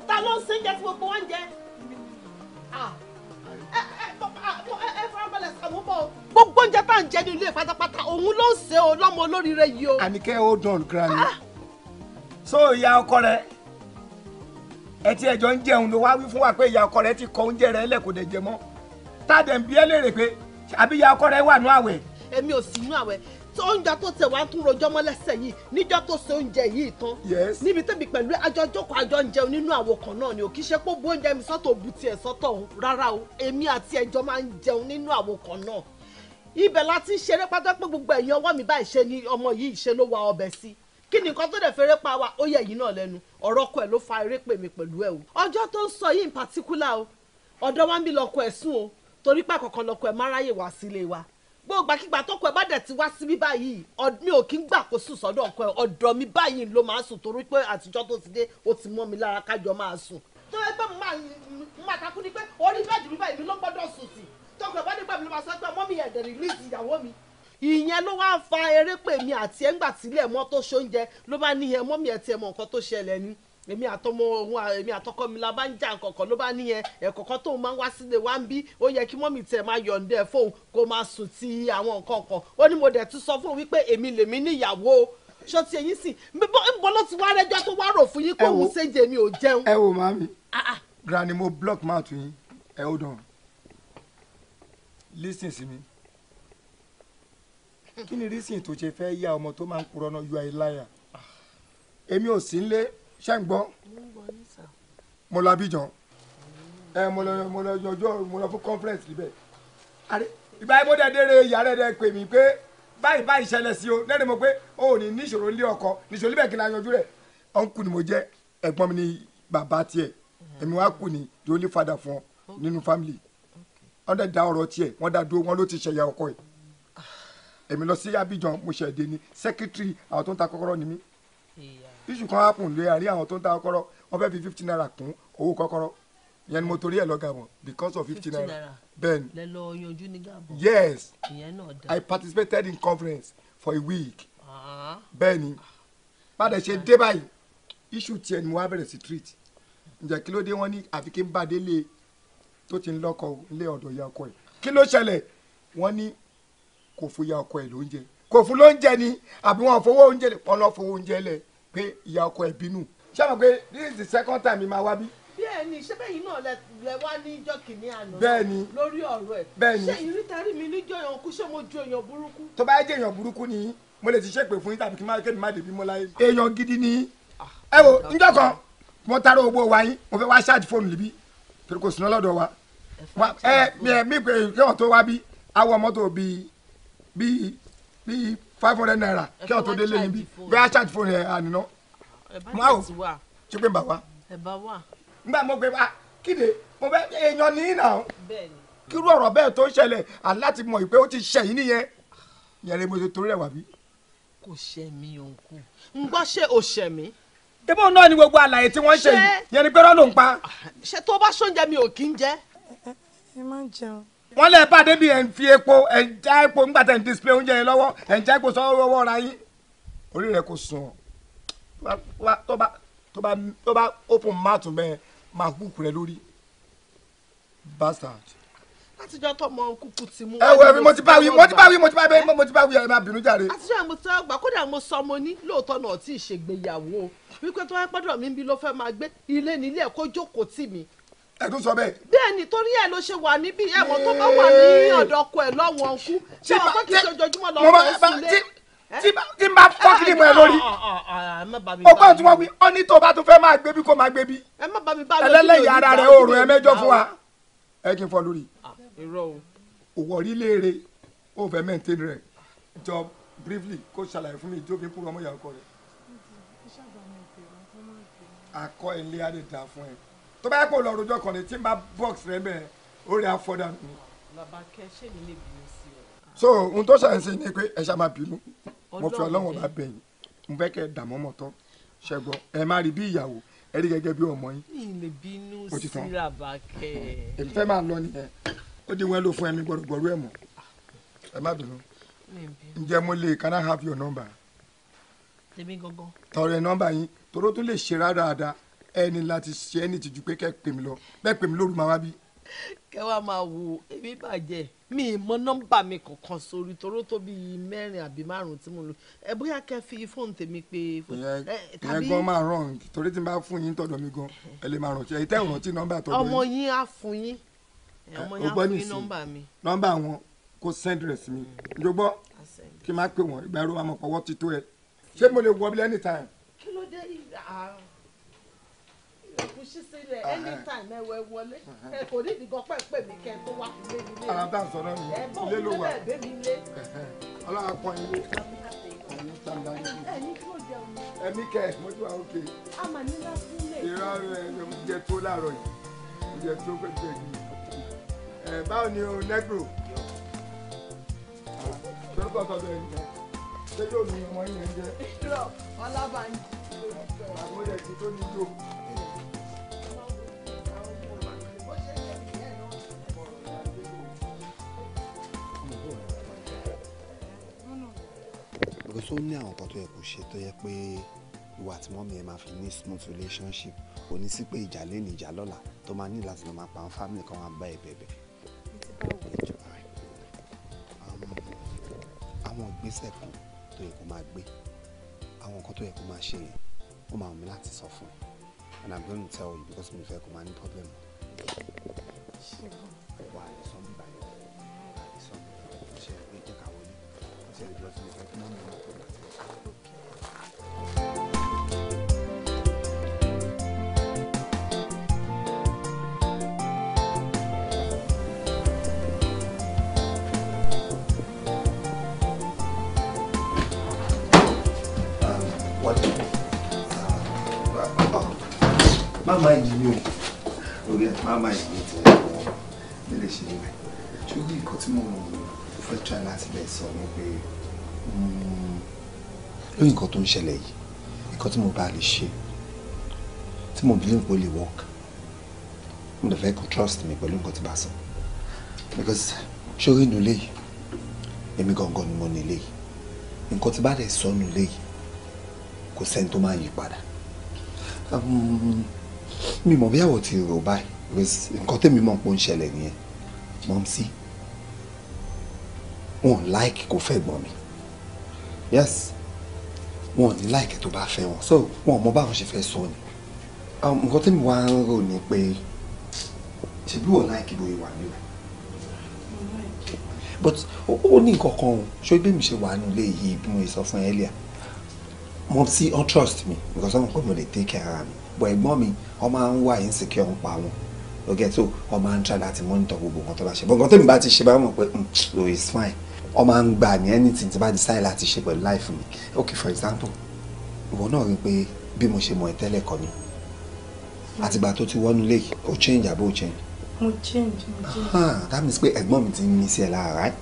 ta ló ń sin jẹ tí gbogbo wọn jẹ gbogbo oúnjẹ tá à ń jẹ ní ilé pátápátá òun ló ń ṣe o lọ́mọ olóríire yìí o. àníkẹ́ ó dùn granny ah.
so ìyá ọkọ rẹ ẹ ti ẹjọ ń jẹun ló wá wí fún wa pé
ìyá ọkọ rẹ ti kọ oúnjẹ rẹ lẹ kò dẹ jẹ mọ́ tá a dẹ̀ ń bi ẹ́ léèrè pé àbí ìyá ọkọ rẹ wà nú àwẹ̀. èmi ò sí nú àwẹ̀ oúnjẹ tó tẹ̀ wá tún rojọ́ mọ́ lẹ́sẹ̀ yìí níjọ́ tó ṣe oúnjẹ yìí tán níbi tẹ́bi pẹ̀lú àjọjókòó àjọ ń jẹun nínú àwo náà ni ò kì í ṣe pé bó oúnjẹ mi sọ́tọ̀ òbu tiẹ̀ rárá o èmi àti ẹjọ́ máa ń jẹun nínú àwo náà ibẹ̀ láti ṣeré pátá pé gbogbo ẹ̀yìn ọwọ́ mi báyìí ṣe ni ọmọ yìí ṣe ló wa ọbẹ̀ sí kí ni nǹkan tó dẹ̀ fẹ́rẹ́ pa wa ó yẹ yìí náà lẹ́nu ọ̀rọ̀ ọkọ ẹ̀ ló fa eré pè mí pẹ̀lú ẹ̀ o ọjọ́ tó ń sọ yìí in particular o ọ̀dọ́ wa ń bí lọ́kọ ẹ̀ sùn o torí pé àkọ́kọ́ lọ́kọ ẹ̀ máráyè wá sílé wa gbọ́gbàkígbà tọkọ ẹ bá dẹ̀ ti wá síbí báyìí mi ò gbà kó sùn sọ́dọ̀ ọkọ ẹ ọ̀dọ̀ mi báyìí ló máa sùn torí pé àtijọ́ tó ti dé ó ti mọ́ mi lára kájọ máa sùn. tó ẹgbẹ́ mi máa máa takú ni pé orí bẹ́ẹ̀dì mi báyìí mi ló gbọ́dọ̀ sùn sí tọkọ ẹ bá nígbà mi ló máa sọ pé mọ́mí ẹ̀dẹ̀ rìlíìsì ìyàwó mi ìyẹn ló wá fa erépè mi àti ẹ̀ngbà tílẹ̀ mọ́ tó ṣoúnjẹ ló bá ní èmi àtọmọ òun èmi àtọkọ mi la bá ń jà kọ̀ọ̀kan ló bá níyẹn ẹ̀kọ̀ọ̀kan tóun máa ń wá sílé wa ń bí ó yẹ kí mọ́mì tiẹ̀ máa yọ̀ǹdẹ̀ fóun kó máa sùn ti àwọn nǹkan kan ó ní mo dẹ̀ tún sọ fóun wípé èmi lèmi níyàwó ṣọ́ ti ẹ̀yìn sìn bọ́ ló ti wá rẹjọ́ tó wá rò fún yín pé òun séje
mi ò jẹun. ẹ wo màmí granny ah, ah. mo block mouth yín ẹ hold on listen sí mi kí ni reason tó ṣe fẹ́ yá ọmọ tó máa ń purọ́ náà you are a liar ah. èmi ò sí nílé ṣé ń gbọ́ mo lọ Abidjan ẹ mo lọ mo lọ yọjọ mo lọ fún conference níbẹ̀ ìgbà yẹn mo dẹ̀ dére yàrá ẹ̀ pè mí pé báyìí báyìí ṣẹlẹ̀ sí o lẹ́nu mo pé o ò ní níṣòro ilé ọkọ níṣòro ibẹ̀ kí n yanjú rẹ̀ ọ̀nkù ni mo jẹ́ ẹ̀gbọ́n mi ni bàbá tiẹ̀ èmi wá kù ní the only father fún ọ nínú family wọ́n dẹ̀ da ọ̀rọ̀ tiẹ̀ wọ́n dá dúró wọn ló ti ṣẹ̀yà ọkọ ẹ̀ èmi lọ sí Abidjan mo ṣẹ̀ ni secretary àwọn tó ń ta kọ́kọ́rọ́ ni mí iṣu kan happen lé àrí àwọn tó ń ta kọ́kọ́rọ́ wọ́n fẹ́ fi fifty naira kún owó kọ́kọ́rọ́ ìyẹn ni mo torí ẹ̀ lọ Gabon because of fifty naira bẹ́ẹ̀ni.
lẹ yes I
participated in conference for a week ah. bẹ́ẹ̀ni padà ṣe dé báyìí iṣu tiẹ̀ ni mo wá bẹ̀rẹ̀ sí treat ǹjẹ́ kí ló dé wọ́n ní àfi kí n bá délé tó ti ń lọ́kọ lé ọ̀dọ̀ ìyá ọkọ ẹ̀ kí ló ṣẹlẹ̀ wọ́n ní kò fún ìyá ọkọ ẹ̀ lóúnjẹ kò fún lóúnjẹ ni àbí wọn fowó oúnjẹ lẹ oúnjẹ lẹ pé ìyá ọkọ ẹ̀ bínú ṣé àwọn pé this is the second time mi máa wá bí.
bẹ́ẹ̀ni ṣé bẹyìn náà lẹ wá ní kìnìún àná. bẹ́ẹ̀ni lórí ọ̀rọ̀ ẹ. bẹ́ẹ̀ni ṣé ìrítàrí mi níjọ èèyàn kú ṣé mo ju èèyàn burúkú.
tó bá jẹ́ èèyàn burúkú ni mo lè ti ṣépè fún yín tàbí kí n má kéde má débi mo láyé. èèyàn gidi ni ẹ wo njọ ah, kan ah. mo tara owó wa yín mo fẹ́ wá ṣáàjì fóònù libi kò sùn lọ́dọ̀ wa ẹ mi pé kéwọ́n tó wá bí awọ mọ́tò bíi bíi bíi five hundred naira kí ọ̀ tó délé yín bí bí a charge phone ẹ̀ àníná. mo á wò ṣé pé n bà wá. ẹ̀bà nígbà mo pe ah, kíde mo fẹ́ èèyàn ní ìnà kírú ọ̀rọ̀ bẹ́ẹ̀ tó ń ṣẹlẹ̀ aláti mọ̀ ìpè ó ti ṣẹ̀yìn
nìyẹn yẹn lè mo ṣe torí rẹ̀ wá bí. kò ṣẹ mi òǹkù ń gbọ́ ṣé o ṣẹ mi. débò náà ni gbogbo àlàyé tí wọ́n ṣe yìí yẹn ni pẹ́rọ́ ló ń pa. ṣé tó bá ṣóúnjẹ mi ò kí ń jẹ. ẹ má jẹun wọ́n lè bá débi ẹ̀ ń fi epo ẹ̀ ń já epo
ńgbà tẹ̀ ń display oúnjẹ yẹn lọ́wọ́ ẹ̀ ń já epo sọ́wọ́ ọwọ́ ra yín orí rẹ̀ kò sùn tó tó bá tó bá open mouth bẹ́ẹ̀ máa hook rẹ̀ lórí bastard.
látijọ́ tó mọ kúkú ti mú. ẹ wo ẹbí mo ti bá wí mo ti bá wí mo ti bá wí mo ti bá wí ẹ má bínú jàre. àtijọ́ mo ti gbà kódà mo sọ mo ní lóòótọ́ náà tí ì ṣègbéyàwó wípé tó wáá pọ́dọ̀ mi bi ló fẹ́ máa gbé ilé nílé ẹ̀ jókòó tì mí ẹ tún sọ bẹ́ẹ̀. bẹ́ẹ̀ ni torí ẹ ló ṣe wà níbí ẹmọ tó bá wà ní ọdọkọ ẹ lọ́wọ́ ọkú ṣé wọn kọ kí n ṣojoojúmọ́ lọ wọ ẹsùn lé. tí n bá fọ́ kí ni mo ẹ ah, lórí.
ọgbọ́n ah, ah, tí wọ́n wí ọ ní tó bá tún fẹ́ máa gbé bí kó máa gbé bí. ẹ
má bá mi bá lọ sí lórí ìgbà ẹlẹ́yìn ara rẹ̀ oòrùn ẹ mẹ́jọ
fún wa. ẹ kì í fọ lórí. òwò orílẹ̀-èdè ó fẹ́ maintain rẹ̀ jọ briefly kó ṣàlàyé fún mi ìjókòó kúrò ọmọ ìyàwó kọ rẹ̀. akọ ilé adé dá fún ẹ tó bá yẹ kó lọ rojọ́ kan ní tí n bá box rẹ bẹ́ẹ̀ ó rí afọ́dà nù.
bàbá kẹ ṣé mi lè bínú sí ọ.
so ohun tó ṣàn sí ni pé ẹ ṣá máa bínú mo fi ọlọ́wọ́n bá bẹ̀yìn mo fẹ́ kẹ́ ẹ dààmú ọmọ tán ṣẹ́gbọ́ ẹ má rí bí ìyàwó ẹ rí gẹ́gẹ́ bí ọmọ yín.
mi lè bínú sí Làbákẹ́. èmi fẹ́
máa lọ nìyẹn ó di wọn lò fún ẹmí gbọdọgbọdọ ẹ mọ ẹ má bínú ǹjẹ́ mo lè can I have your number. tèmi gangan. tọrẹ nọ́mbà yín toró tún lè ṣe rárá dáadáa ẹni láti ṣe ẹni tìjú pé kẹ́ pè mí lọ bẹ́ẹ̀ pè mí lóru
màá wá bí. kẹ́ wàá máa wo èmi bàjẹ́ mi ì mọ nọ́mbà mi kankan sórí toró tó bí mẹ́rin àbí márùn-ún tí mo lò ẹ bóyá kẹ́ fi fóònù tèmi pé. ìyẹn gan máa
ràn torí tí n bá fún yín tọ̀dọ̀ mi gan ẹ lè máa rántí ẹ tẹ́ ìrántí nọ́mbà tọ̀dọ̀ yín. ọmọ yín
á fún yín ọmọ yín á fún yín nọ́mbà mi.
nọ́mbà wọn kó sẹ́ndírẹ̀sì mi njọ́gbọ́ hmm. kí n má pè wọ́n
ìgbà ṣí sílẹ̀ anytime ẹ wẹ wọlé ẹ kò ní ìdìgọ́ pẹ́ pè mí kẹ́ ẹ tó wá ilé mi lé. aláǹdà sọ̀rọ̀ mi ilé ló wà
ọlọ́run akọ ilé ẹ̀mí tàǹdà yìí ẹ̀mí kẹ mo ti wà òkè
ìrọ̀ ẹ̀ mo
jẹ tó láàárọ̀ yìí mo jẹ tó pẹ́pẹ́ yìí ẹ̀ báwo ni o nẹ́gbò lọ́kọ̀ sọ bẹ́ẹ̀ ni ṣé yóò ní ọmọ yẹn jẹ́. ọlábàáyí. àbúrò ẹ̀ ti tó ní yóò.
because ó ní àwọn nǹkan tó yẹ kó ṣe tó yẹ pé ìwà àti mọ́mí ẹ máa fi ní smooth relationship kò ní sí pé ìjà lé ní ìjà lọ́la tó máa ní láti lọ máa pa àwọn family kan máa bá ẹ bẹ̀bẹ̀. àwọn ìgbésẹ̀ kan tó yẹ kó máa gbé àwọn nǹkan tó yẹ kó máa ṣe yẹn ó máa wù mí láti sọ fún ẹ and i'm going to tell you because mi fẹ́ kó máa ní problem. ṣé o wà á sọ. Mama yìí o, orí ẹ̀ máma yìí ti ẹ̀ wọ́n nílé ṣ fẹ́ try láti bẹ̀ sọ ni pé hmm, lóyún nǹkan tó ń ṣẹlẹ̀ yìí nǹkan tí mo bá lè ṣe tí mo believe pé ó lè work mo dẹ̀ fẹ́ kó trust mi pẹ̀lú nǹkan tí bá sọ because ṣórí inú ilé yìí èmi gangan ni mo ní ilé yìí nǹkan tí bá dẹ̀ sọ nù ilé yìí kò sẹ́ni tó máa yí padà hmm, mi mọ̀ bí àwọ̀ ti rò báyìí because nǹkan tẹ́mi mọ̀ pé ó ń ṣẹlẹ̀ nìyẹn mọ̀ sí wọn like kó fẹ́ gbọ́n mi yes wọn like tó bá fẹ́ wọn so wọn mọ báwọn ṣe fẹ́ sọ ni um, nǹkan tí mi wá ń rò ni pé ṣe bí wọn like bóyá wà nílẹ̀ but ó ní nǹkan kan o ṣé bí mi ṣe wà nílé yìí bí mo sọ fún ẹ earlier mo ti ọ trust me because ọmọ pé mo lè take care of mi but ẹ̀gbọ́n mi ọ máa ń wà insecure ń pa wọn okay so ọ máa ń try láti monitor gbogbo nǹkan tó bá ṣe but nǹkan tó mi bá ti ṣe bá mọ̀ pé oh it's fine ọ máa ń gbà ní anything tí bá decide láti ṣe pẹ̀lú life mi ok for example ìwọ náà rí i pé bí mo ṣe mọ̀ ẹ́ tẹ́lẹ̀ kọ́ ni àtìgbà tó ti wọ́nú lé o change àbó o change.
mo change mo change.
that means pé ẹ̀gbọ́n mi ti ń mí sí ẹ lára right.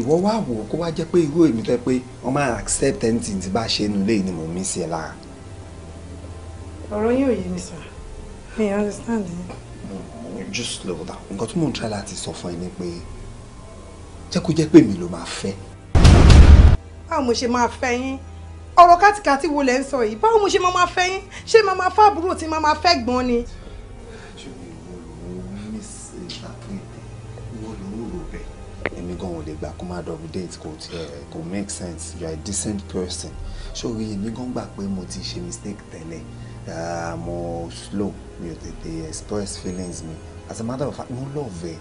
ìwọ wá wò kó wá jẹ́ pé irú èmi tó pé wọ́n accept anything tí bá ṣe nu lé ni mo mí sí ẹ lára.
ọ̀rọ̀ yóò yé mi sir mi understand.
just slow down nǹkan tí mò ń try láti sọ fún ẹ ni pé jẹ́ kó jẹ́ pé mi ló máa fẹ́.
báwo mo ṣe máa fẹ́ yín ọ̀rọ̀ kátìkátì wo lẹ́ ń sọ yìí báwo mo ṣe máa fẹ́ yín ṣé máa máa fẹ́ àbúrò tí máa máa fẹ́ gbọ́n ni.
èmi gan ò lè gbà kó má double date kò tiẹ̀ kò make sense you are a decent person sórí èmi gan gbà pé mo ti ṣe mistake tẹ́lẹ̀ ah, mo slow mi ò tètè express feelings mi as a matter of fact mo love ẹ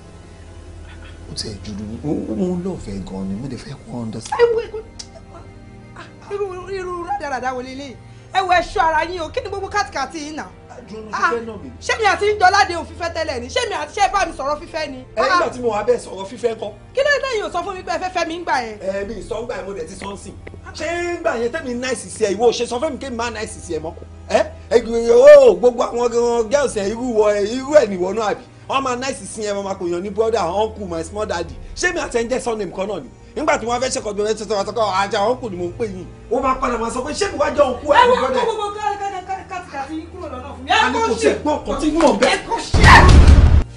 ó ti ẹ̀ jùlọ mo lọ́ọ̀fẹ́ gan-an ni mo lè fẹ́ kó understand. ẹ wo
ah, irú irú rádaràdà wo lélẹ̀ ẹ wo ẹṣọ ara yín o kí ni gbogbo kàtìkàtì yín nà. Ah, ṣé mi àti jọládé ò fífẹ́ tẹ́lẹ̀ ni ṣé mi àti ṣé bá mi sọ̀rọ̀ fífẹ́ ni. ẹ ah, nígbà tí mo wà bẹ́ẹ̀ sọ̀rọ̀ fífẹ́ kọ́. kí ló dé yìí ò sọ fún mi pé ẹ fẹ́ fẹ́ mi ń gbà
yẹn. ẹ mi sọ ń gbà yẹn mo dẹ̀ ti sọ ń sìn ṣé ń gbà yẹn tẹ́mi náìsì sí ẹ ìwọ ṣe sọ fẹ́ mi kí mi má náìsì sí ẹ mọ́ ẹ gbogbo àwọn girls ẹ irú ẹ nìwọ náà àbí wọ́n máa náìsì sí ẹ wọ́n máa kò yàn ní brother uncle my small daddy ṣé mi àti ẹ̀ ń jẹ́ surname kan náà ni nígbà tí wọ́n fẹ́ ṣèkọ́ gbẹ̀rẹ̀ tó sọ̀rọ̀ sọ́kọ́ àjà uncle ni mò ń pè yín ó máa padà máa sọ pé ṣé mi wá jẹ́ uncle ẹ̀ ní brother. ẹ wọ́n kọ́
kàtìkàtì kúrò lọ́nà fún mi. a ní kò ṣe gbọ́
kò tí yóò bẹ́ẹ̀.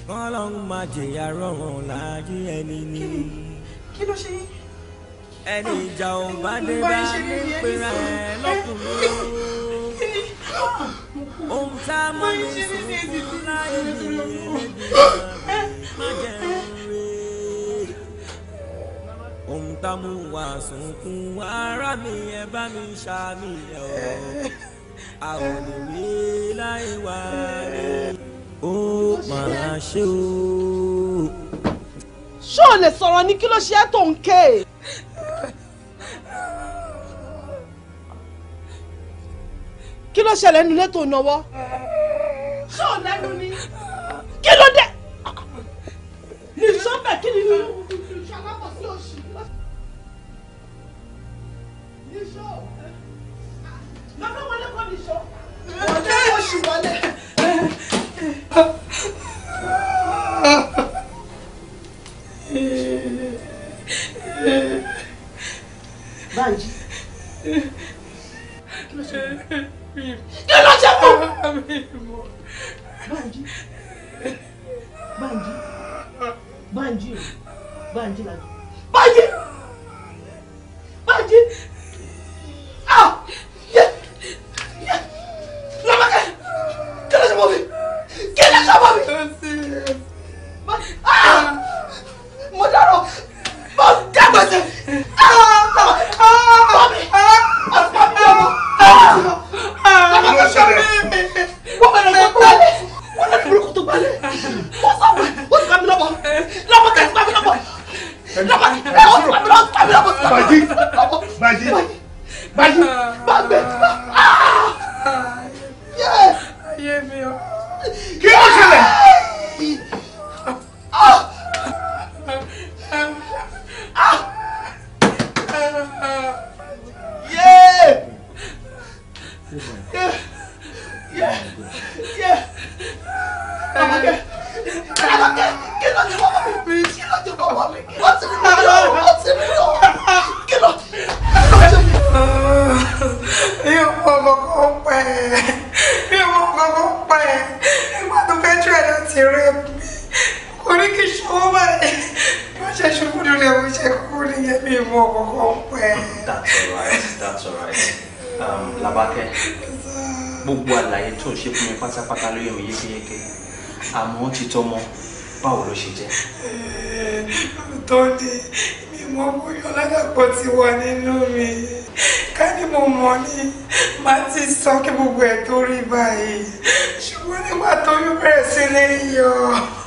wọ́n lọ ń máa jẹ̀yà rọrùn
láàyè ẹni ni. kí ló ṣe yín. ẹni ìjà ò bá dé bá ní pẹ̀rẹ̀ lọ́kùnrin ohun tá a mọ̀ ní sùn láyé mi má jẹ́ rẹ̀. ohun tá a mú wá sunkún ara mi ẹ bá mi ṣàmì ẹ̀ ọ́
àwọn òní láì wá rí ó máa ṣe o. ṣé o lè sọ̀rọ̀ ní kí ló ṣe é tó ń ké? kí ló ṣẹlẹ̀ nínú ilé tó náwó. ṣé ò lẹ́nu ni. kí ló dé. lè sọ bẹ́ẹ̀ kí ni. ṣàlápọ̀ sí oṣù. níṣó lọ́dọ̀ wọlé kọ́ níṣó. wọlé oṣù wọlé. Banji kí ló ṣe fún. Bánjí Bánjí Bánjí Bánjí lajú Bánjí Bánjí ah yẹ yẹ lọ́mọkẹ́ kí ló ṣe fún mi kí ló ṣe fún
mi
ah mo dárò mo dàgbà sí ah ah bọ́ mi ah bọ́ mi ọmọ ah ló ń ṣẹlẹ̀. wọ́n bẹ̀rẹ̀ wọ́n creas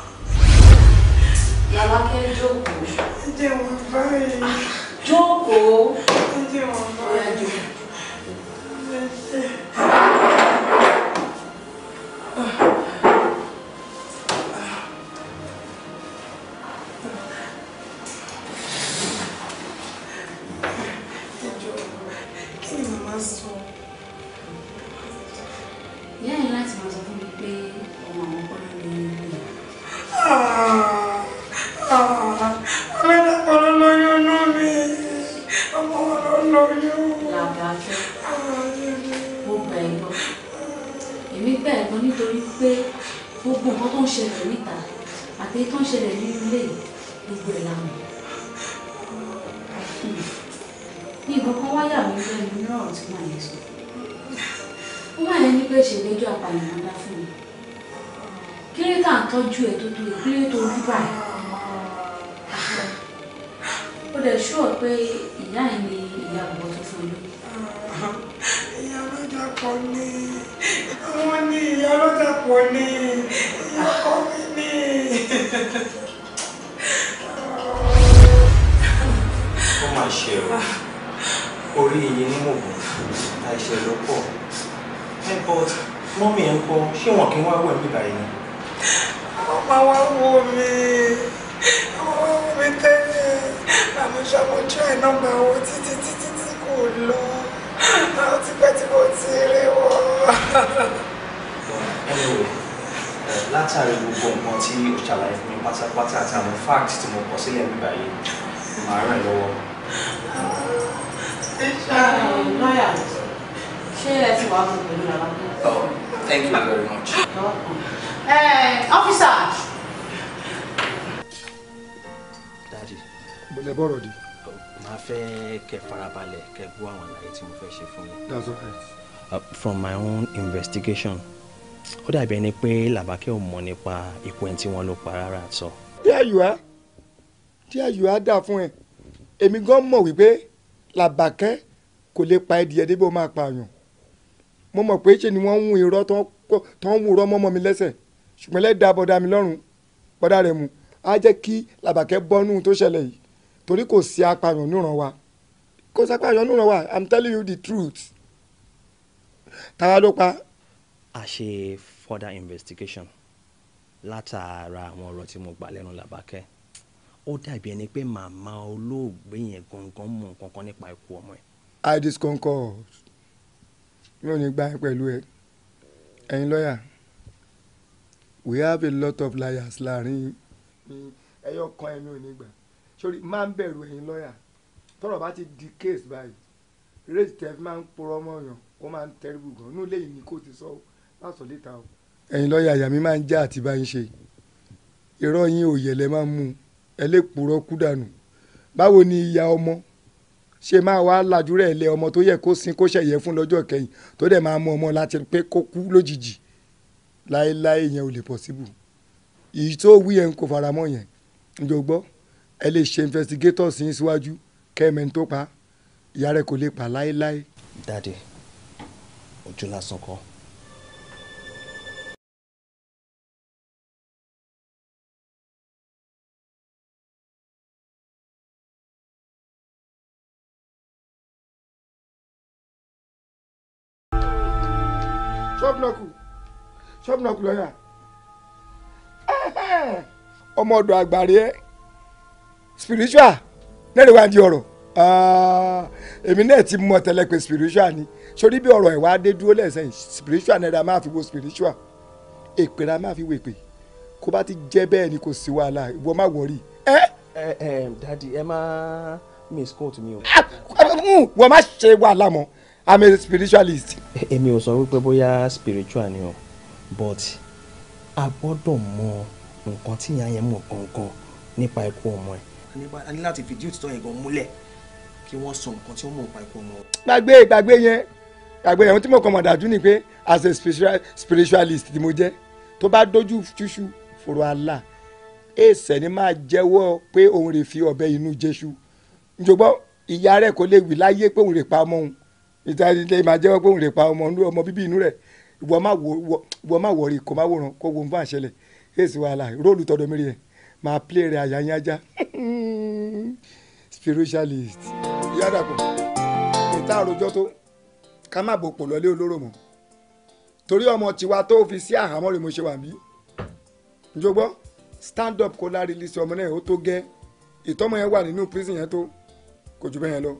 ó mà
ṣe o orí iye ní mò ń àìṣe ló pọ̀ ẹ mọ́mí ẹ̀ ń kọ́ ṣé wọn kì í wá wẹ̀ mí báyìí
àwọn máa wá wo mi àwọn wá wo mi tẹ́lẹ̀ àmọ́ ṣàmójú ẹ̀ nọ́mbà owó títí títí tí kò lọ àwọn tipẹ́ tí mo ti rí wọn.
látàrí gbogbo nǹkan tí o ṣàlàyé fún pátápátá àti àwọn facts tí mo kọ sílẹ̀ mi báyìí máa ràn lọ́wọ́.
lọ́yà ṣé ẹ ti wàá fún pẹ̀lú rárá. thank you very much. ọ́fíìsà.
dadi. mo lè bọ̀rọ̀ di.
màá fẹ́ kẹ́ farabalẹ̀ kẹ́ gbọ́ àwọn àlàyé tí mo fẹ́ ṣe fún yín. that's okay. Uh, from my own investigation ó dàbí ẹni pé làbákẹ́ ò mọ̀ nípa ipò ẹni tí wọ́n ló pa rárá sọ.
tí àyùá tí àyùá dà fún ẹ èmi gan mọ̀ wípé làbákẹ́ kò lè pa ẹdìyẹ débò máa pààyàn mo mọ̀ pé ṣe ni wọ́n ń hun irọ́ tó ń wúrọ́ mọ́mọ́ mi lẹ́sẹ̀ ṣùgbọ́n lẹ́ẹ̀dá bọ́dá mi lọ́rùn bọ́dá rẹ̀ mu á jẹ́ kí làbàkẹ́ bọ́nú tó ṣẹlẹ̀ yìí torí kò sí apààyàn níran wa kò sí apààyàn níran wa i'm telling you the truth tàwa ló pa
a ṣe further investigation látara àwọn ọ̀rọ̀ tí mo gbà lẹ́nu làbákẹ́ ó dàbí ẹni pé màmá olóògbé yẹn gangan mọ̀ kankan nípa ikú ọmọ ẹ̀.
I disconcord mi ní gbà pẹ̀lú ẹ ẹ̀yin lọ́ọ̀yà we have a lot of liars láàrin ẹyọ kan ẹ̀mí ò gbà sórí máa ń bẹ̀rù ẹ̀yin lọ́ọ̀yà tọ́rọ̀ bá ti di case báyìí rate tef máa ń purọ́ mọ́ ọ̀yàn kó máa ń tẹ́rìbù gan inú ilé ni kò ti sọ ọ́ ẹ̀yin lọ́ọ̀yà àyà mi máa ń já àti bá ń ṣe irọ́ yín òyẹ̀lẹ̀ máa ń mú ẹlẹ́pùrọ́ kú dànù báwo ni ìyá ọmọ ṣe máa wá lajúrẹ́ ẹ̀lẹ́ ọmọ tó yẹ kó sin kó ṣẹ̀yẹ fún lọ́jọ́ kẹyìn tó dẹ̀ máa mú ọmọ láti pé kó kú lójijì láéláé yẹn ò lè pọ̀síbù èyí tó wí yẹn kò faramọ́ yẹn ǹjọ́ gbọ́ ẹ lè ṣe investigators yín síwájú kẹ́mẹ́ni tó pa ìyá rẹ̀ kò lè pa láéláé.
dáàdi ojú lásán
kan
ṣọ́ọ̀bù kù lọ́yà ọmọ ọ̀dọ̀ àgbàre ẹ spiritual lẹ́rìí wá di ọ̀rọ̀ ah, èmi náà ti mọ tẹ́lẹ̀ pé spiritual ni sórí bí ọ̀rọ̀ ẹ̀ wá dúró lẹ́sẹ̀ spiritual náírà máa fi wo spiritual èpè ra máa fi wo èpè kó bá ti jẹ́ bẹ́ẹ̀ ni kò sí wàhálà ìwọ má wọrí. Eh, eh, ẹ ẹ dadi ẹ máa misquote mi o. Ah, mm, wọ́n má ṣe wàhálà mọ́ i'm a spiritualist.
èmi ò sọ wípé
bóyá spiritual ni o but a gbọ́dọ̀ mọ nǹkan tí ìyá yẹn mọ̀ gangan nípa ikú ọmọ ẹ̀.
a ní láti fìdí òtítọ́ yẹn gan múlẹ̀
kí wọ́n sọ nǹkan tí wọ́n mọ̀ nípa ikú ọmọ.
gbàgbé gbàgbé yẹn gbàgbé yẹn ohun tí mo kàn mọ̀ dájú ni pé as a spiritualist ni mo jẹ́ tó bá dojú ṣuṣu fòrò àlà èsẹ̀ ni máa jẹ́wọ́ pé òun rè fi ọ̀bẹ inú jésù njọgbọ́n ìyá rẹ̀ kò lè wí láyé pé òun rè pa ọmọ òun ìtàn ìdílé máa jẹ́wọ́ pé òun rè pa ọmọ bíbí inú rẹ̀ ìwọ má wọrí kó má wòran kó wo nǹkan àṣẹlẹ̀ èsì wàhálà róòlù tọdọ mi rí ẹ máa plé rẹ àyà yín ajá spiritualist. ìyá ìta àròjọ tó ká má bò pò lọlé olóró mọ́ torí ọmọ tiwa tó fi sí àhámọ́ rẹ̀ mo ṣe wà mí njogbọ́ stand up kó lárí lisi ọmọ náà ó tó gẹ́ ìtọ́mọ yẹn wà nínú prison yẹn tó kò jù
bẹ́ẹ̀ yẹn lọ.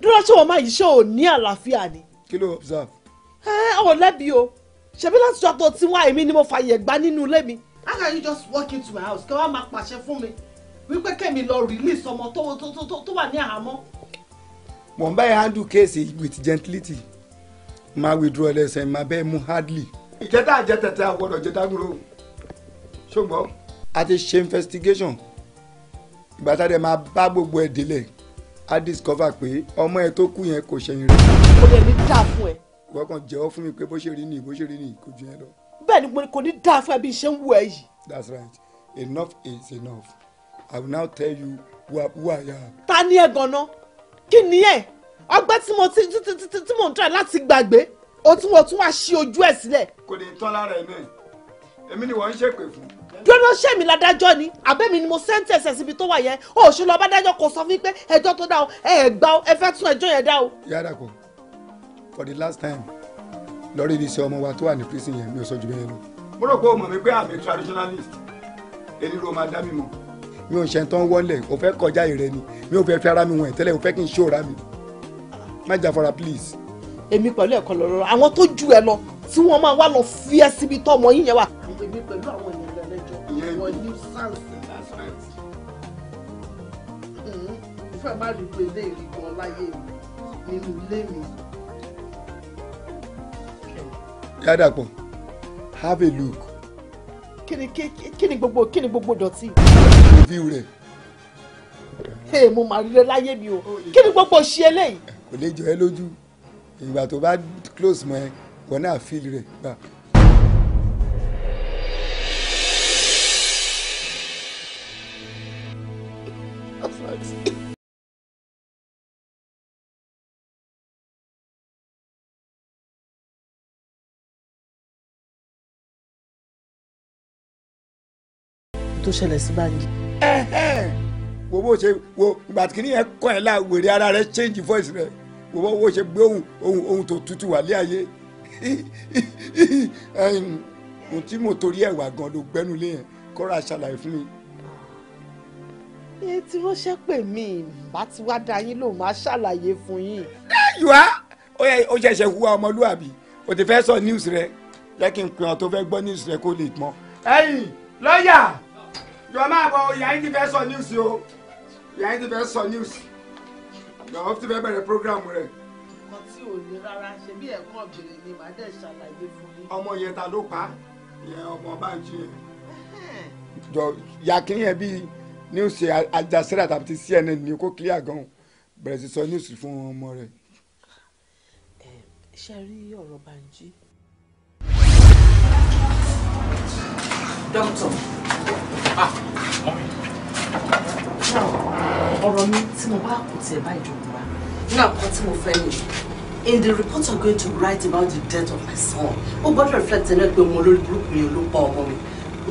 dúró sí ọmọ yìí ṣé ò ní àlàáfíà ni. kí ló observe Eh, ọ̀ lẹ́bi o ṣebí láti sọ àtọ̀ tí wọ́n àìmí ni mo fààyè gbà nínú ilé mi. how can you just walk into my house kí wọ́n máa pàṣẹ fún mi wípé kẹ́mi lọ release ọmọ tó wà ní àhámọ́.
mo ń bá yẹn handle case with gentility máa withdraw lẹ́sẹ̀ máa bẹ́ẹ̀ mú hardly. ìjẹta àjẹtẹtẹ àgbọ́dọ̀ jẹ dádúró ṣùgbọ́n a ti ṣe investigation ìgbà tá a dẹ̀ máa bá gbogbo ẹ̀ délẹ̀ a discover pé ọmọ ẹ̀ tó kú yẹn kò ṣẹ̀yìn rẹ̀.
ó lè ní dáa fún ẹ
wọ́n kàn jẹ́wọ́ fún mi pé bó ṣe rí nìyí bó ṣe rí nìyí kò yẹn lọ. bẹ́ẹ̀ni mo kò ní dáa fún ẹ bí ń wù ẹ that's right enough is enough i will now tell you who i, who I am.
ta ni ẹ gan-an kí ni ẹ ọgbẹ́ tí mo tí mo ń tọ́ ẹ láti gbàgbé o tún o tún wá ṣí ojú ẹ sílẹ̀.
kò ní tán lára ẹ èmi ni wọ́n ń ṣèpè fún.
dúró ṣé mi ládájọ́ ni àbẹ́mi ni mo sẹ́ńtẹ̀sẹ̀ síbi tó wà yẹn òṣù lọ́ọ́ kò sọ fún mi pé ẹjọ́ tó dá o ẹ o ẹ fẹ́ tún ẹjọ́ yẹn dá o.
yàrá kò for the last time lórí ìrísí ọmọ wa tó wà ní prison yẹn mi ò sọ jù bẹ́ẹ̀ lọ. mo rò pé o mọ̀ mi pé àmì traditionalist èyí ló máa dá mi mọ̀. mi ò ṣe tán wọlé o fẹ́ kọjá ìrẹ́ ni mi ò fẹ́ fi ara mi wọ̀n tẹ́lẹ̀ o fẹ́ kí n ṣòra mi má jà fọra please. èmi pẹ̀lú ẹ̀kọ́ lọ́rọ́
àwọn tó ju ẹ lọ tí wọ́n máa wá lọ fi ẹ́ síbi tó ọmọ yín yẹn wà. èmi pẹ̀lú àwọn ènìyàn lẹ́jọ́ wọ́n ní sáǹsì lásán. Mm-hmm. fẹ́ má rí pé ilé ìrìnkàn Dàdàpọ̀ have a look. kí ni kí ni gbogbo kí ni gbogbo dọ̀tí. review rẹ̀. ee mo máa rí rẹ
láyé mi o kí ni gbogbo ṣe eléyìí. kò lè jọ ẹ lójú ìgbà tó bá close mọ́ ẹ wọn náà feel rẹ gbà. Thanks.
tó ṣẹlẹ̀ sí Banji.
wo bó ṣe wo ìgbà kìnìyàn kọ́ ẹ̀ láwèrè ara rẹ̀ change voice rẹ̀ wo bó wo ṣe gbé ohun ohun ohun tó tutù wà lé ayé ohun tí mo torí ẹ̀ wà gan ló gbẹ́nu lé yẹn
kọ́ra ṣàlàyé fún mi. iye tí wọ́n ṣe pè mí bá ti wá dá yín lòun máa ṣàlàyé fún yín. there you are ó ṣẹ̀ṣẹ̀ hùwà ọmọlúwàbí
o ti fẹ́ sọ news rẹ jẹ́ kí n tó fẹ́ gbọ́ news rẹ kó lè mọ̀. ẹ̀yin lọ́ọ̀yà jọ máa bọ ìyá yín ti fẹ́ sọ news o ìyá yín ti fẹ́ sọ news jọ̀wọ́ ti fẹ́ bẹ̀rẹ̀ program rẹ̀.
ọkọ tí ò lè rárá ṣe bí ẹ̀kọ́ ọ̀bìnrin ni màá dẹ̀ ṣàlàyé fún yín.
ọmọ yẹn ta ló pa ìyẹn ọmọ Bánjí yẹn. jọ ya kí yẹn bí news Aljazeera tàbí ti CNN ni kó clear gan bẹ̀rẹ̀ sí sọ news fún ọmọ rẹ̀.
ẹ ṣe rí ọ̀rọ̀ Bánjí. dókítà ọ̀rọ̀ mi tí mo bá kù tiẹ̀ bá ìjọba wa. náà kan tí mo in the report i'm going to write about the death of my son who got reflect ẹ̀rẹ́ pé mo lórí burúkú yẹn ló pa ọmọ mi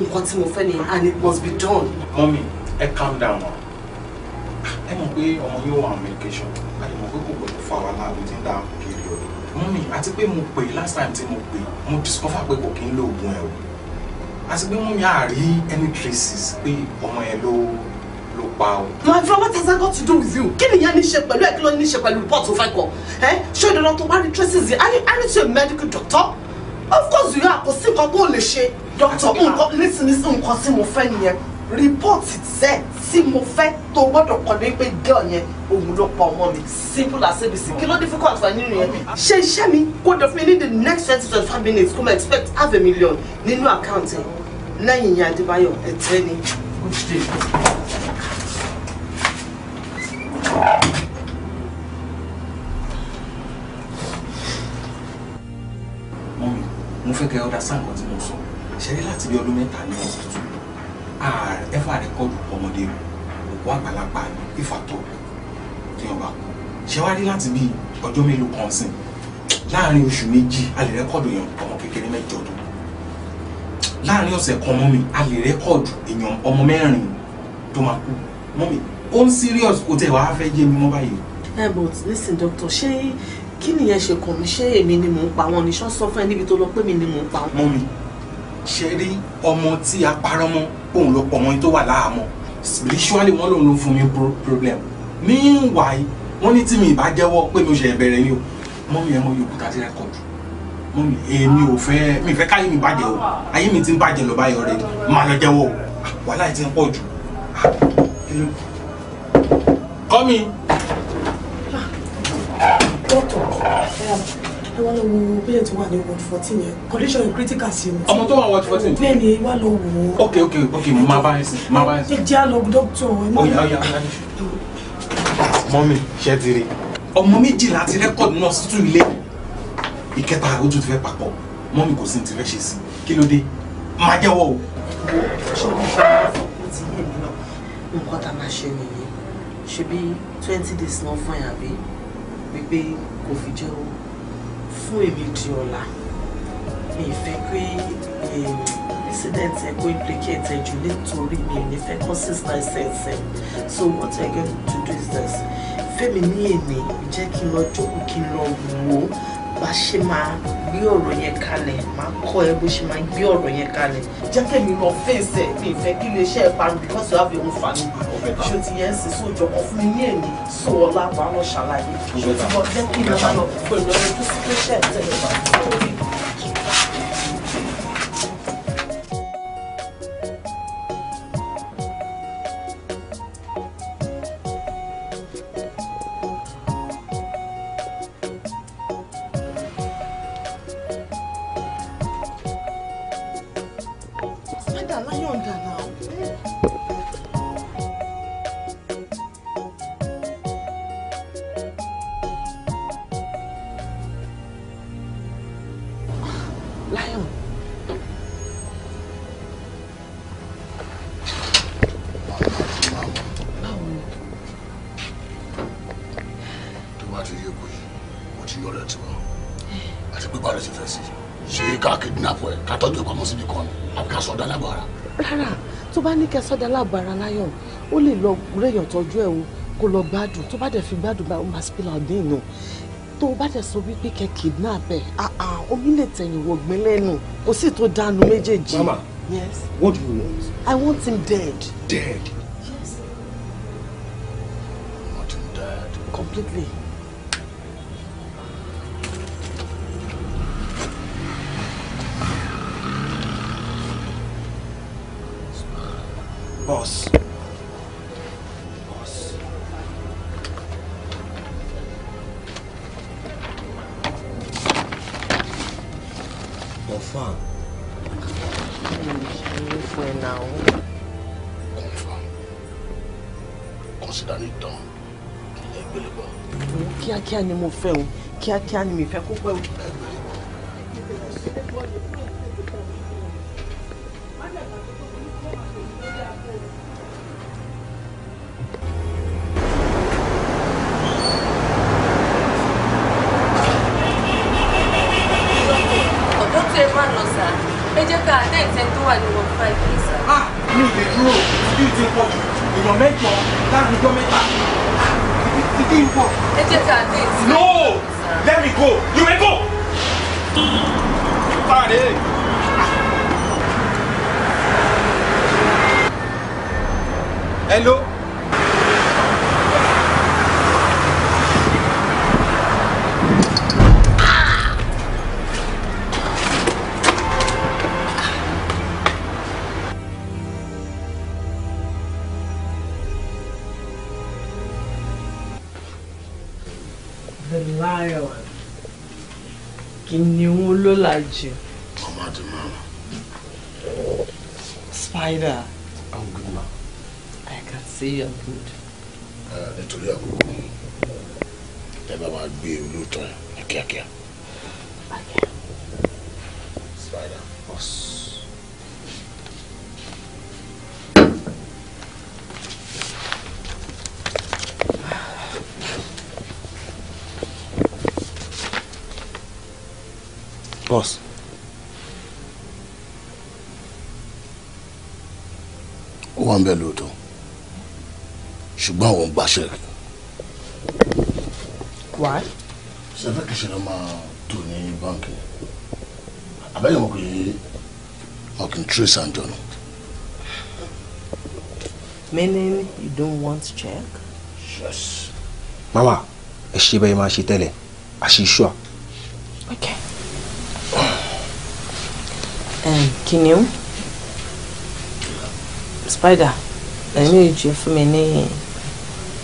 nǹkan tí mo and it must be done. Mommy, ẹ calm down I'm going mọ̀ pé
ọmọ medication I'm going to pé kò gbọ́dọ̀ fa wàhálà ló ti Mommy, I period mọ́mí àti pé last time tí mo pè mo discover pé kò kí ń lo oògùn ẹ̀ o àti pé mú mi àárí any traces pé ọmọ yẹn ló ló pa o.
my friend what has that got to do with you. kí nìyẹn ní ṣe pẹ̀lú ẹ̀ kí ló ní ṣe pẹ̀lú report tó fẹ́ kọ ẹ́ ṣé ìdáná tó bá rí traces yìí are you are you a medical doctor of course you are kò sí nǹkan tó lè ṣe doctor nǹkan nísinsìnyí nǹkan tí mo fẹ́ nìyẹn report it. ṣe tí mo fẹ́ tó gbọ́dọ̀ kọ́ ní pé girl yẹn òun ló pa ọmọ mi simple as abc kí ló difficult wà nínú yẹn ṣe iṣẹ́ mi kó dọ̀ fún mi ní the next twenty twenty five minutes kó mo expect half a million nínú account yẹn lẹ́yìn yẹn Adébáyọ̀ ẹ̀tẹ́ ni ó dìde.
mo fẹ́ kẹ́ ọ́dà sáà nǹkan tí mo sọ ṣẹlẹ láti bí ọdún mẹ́ta ní ọsibítù ààrẹ ah, ẹfà rẹkọọdù ọmọdé òkú àgbàlagbà ìfàtọ téèyàn bá kú ṣẹwárí láti bí ọjọ́ mélòó kan sìn láàárín oṣù méjì a lè rẹkọọdù yẹn ọmọ kékeré mẹ́jọ ọdún láàrin ọ̀sẹ̀ kan mọ́mi a lè rẹ́kọ̀dù èèyàn ọmọ mẹ́rin tó máa kú mọ́mi ó ń serious kò tẹ̀ wàá fẹ́ jẹ́ mi mọ́ báyìí.
ẹ eh, but listen doctor ṣé kí nìyẹn ṣe kàn mí ṣé èmi ni mò ń pa wọn níṣọ́ sọ fún ẹ níbi tó lọ pé mi ni mò ń pa wọn. mọ́mi ṣe rí ọmọ tí a parọ́ mọ́
òun ló pọ̀ mọ́ tó wà láàmọ́ spiritually wọ́n lòun ló fún mi problem meanwhile wọ́n ní tí mi ìbá jẹ́wọ́ pé mi ò ṣe ẹ̀bẹ̀rẹ̀ ni o mọ́mi ẹ̀ mọ́ yorùbá ti rẹ́kọ̀dù mọ́mí èmi ò fẹ́ mi fẹ́ káyé mi bàjẹ́ o ayé mi ti ń bàjẹ́ lọ báyọ̀ rẹ máa lọ jẹ́wọ́ wàhálà ti ń pọ̀ jù. kọ́mi.
dọ́tọ̀ ẹ wá lọ wo patient wà ní ward fourteen yẹn condition yẹn critical sí mi. ọmọ tó wà ward fourteen. bẹ́ẹ̀ ni wá lọ wò ok ok
ok mo máa bá ẹ sí máa bá ẹ sí. ẹ
jẹ́ àlọ́ dọ́tọ̀ ẹ má. oya oya
oya mọ́mí ṣẹ́ ti rí. ọmọ méjìlá ti rẹ́kọ̀dù náà sí tún ilé ìkẹta ó tún ti fẹ́ papọ̀ mọ́mì kò sí ti fẹ́ ṣe sí kí ló dé máa jẹ́wọ́ o.
ṣé o ṣe nǹkan tá a máa ṣe nìyẹn ṣebí twenty days náà fún yàn àbí wípé kò fi jẹ́ o fún èmi di ọ̀la mi fẹ́ pé president eh, ẹ kó implicate ẹ jù nítorí mi ò ní fẹ́ consistent sense ẹ so what i get to do is this fẹ́mi ní èmi jẹ́ kí n lọ jókòó kí n lọ wò ó bá ṣe máa gbé ọ̀rọ̀ yẹn kalẹ̀ máa kọ́ ẹ bó ṣe máa gbé ọ̀rọ̀ yẹn kalẹ̀. jẹ́ kí lọ fèsì ẹ̀ mi ìfẹ́ kí iléeṣẹ́ ẹ parun because you have your own family. ṣé o ti yẹn sì so ìjọba fún mi ní èmi so ọlá wa lọ ṣàlàyé. ṣé o ti lọ jẹ́ kí n máa lọ pẹ̀lú ẹni tó sì fẹ́ ṣẹ̀ tẹ̀lé wa. sọ́dọ̀ alábọ̀ara. rárá tó bá ní kẹ́ sọ́dọ̀ alábọ̀ara láyọ̀ ó lè lọ réèyàn tọ́jú ẹ̀ o kó lọ gbádùn tó bá dẹ̀ fi gbádùn bá máa spill out dé ìnà tó bá dẹ̀ sọ wípé kẹ́ kidnap ẹ̀ omi lè tẹ̀yìn wọ̀gbìn lẹ́nu kò sì tó dànù méjèèjì. mama yes. what do you want. I want him dead. dead. yes. I want him dead. completely.
Boss. Boss. Confirm.
Please, for now. Confirm. Consider it done.
Kíákíá ni mo fẹ́ o, kíákíá ni mi fẹ́ kó o.
Boss. Ó wà ń bẹ lóòótọ́. Ṣùgbọ́n àwọn ń gbaṣẹ́. Why? Ṣé fẹ́ kìí ṣe máa tò ní báńkì? Àbẹ́yẹ̀ mọ̀ pé wọn trace àjọ nù.
Meaning you don't want check? Yes.
Mama, ẹ ṣe bẹ́ẹ̀ máa ṣe tẹ́lẹ̀, àṣìṣọ́ sure?
Spider, I need you for me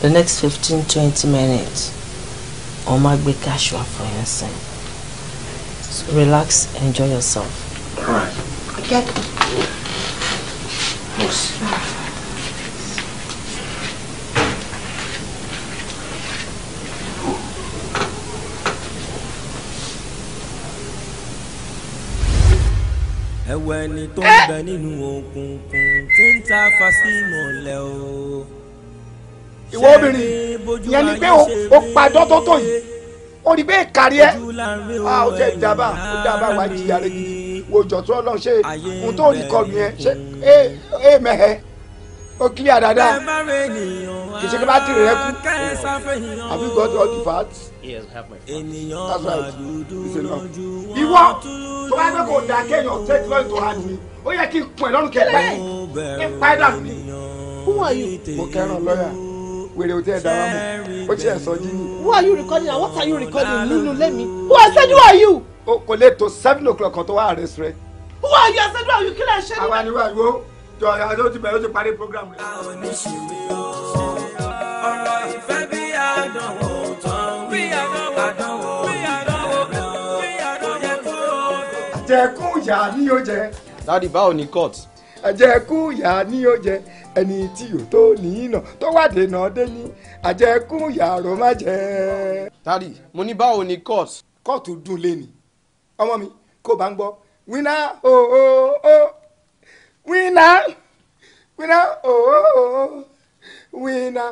the next 15 20 minutes. Or my big casual for your son. So relax, enjoy yourself. Alright. Okay. Yes.
ẹ̀wọ̀ ẹni tó ń eh! bẹ nínú òkùnkùn tí ń ta fásímọ̀ lẹ̀ o.
ìwọ obìnrin yẹn ni pé o padọ́ tó tó yìí o rí bẹ́ẹ̀ kárí ẹ a ò ìjàmbá ó dábà wá jìyà rẹ gidi wo jọ̀tún ọlọ́run ṣe ohun tó rí kọ́ nìyẹn ṣe é eh, eh, mẹ́hẹ́ ó kílíà dáadáa
kì í ṣe kí bátìrì rẹ kú
have you got all the facts.
yes I have my facts. that's right it's enough.
ìwọ tó bá yẹ kó da kéèyàn take law into hand mi ó yẹ kí n pọ̀ lọ́rùn kẹta
ẹ̀
pa ẹ̀ dànù ni. who are you. mo kẹ́ràn lọ́yà wèrè ò tí ẹ dára mọ́ ó tí sọ jí
who are you recording and what are you recording nínú lẹ́mi.
who I said who are you. o kò lè tó seven o'clock kan tó wá àrẹ sùrẹ́.
who are you I said who are you kí lè ṣe nígbà. àwa ni wà wo jọ àjọ
ti bẹ̀rẹ̀ ó ti parí program rẹ. àwọn oníṣòwò yóò. ìfẹ́ bí
àdánwò
tán wí àdánwò àdánwò
kan kò yẹ kó o lò. àjẹkù ìyá ni yóò jẹ. dádì báwo ni court. àjẹkù ìyá ni yóò jẹ ẹni tí yóò tó nìyínà tó wà dènà dé ní àjẹkù ìyá rò má jẹ. dadi, mo ní báwo ni court. court dùn lé ni ọmọ mi kó bá ń gbọ́ wíná ooo wíná wíná ooo wíná.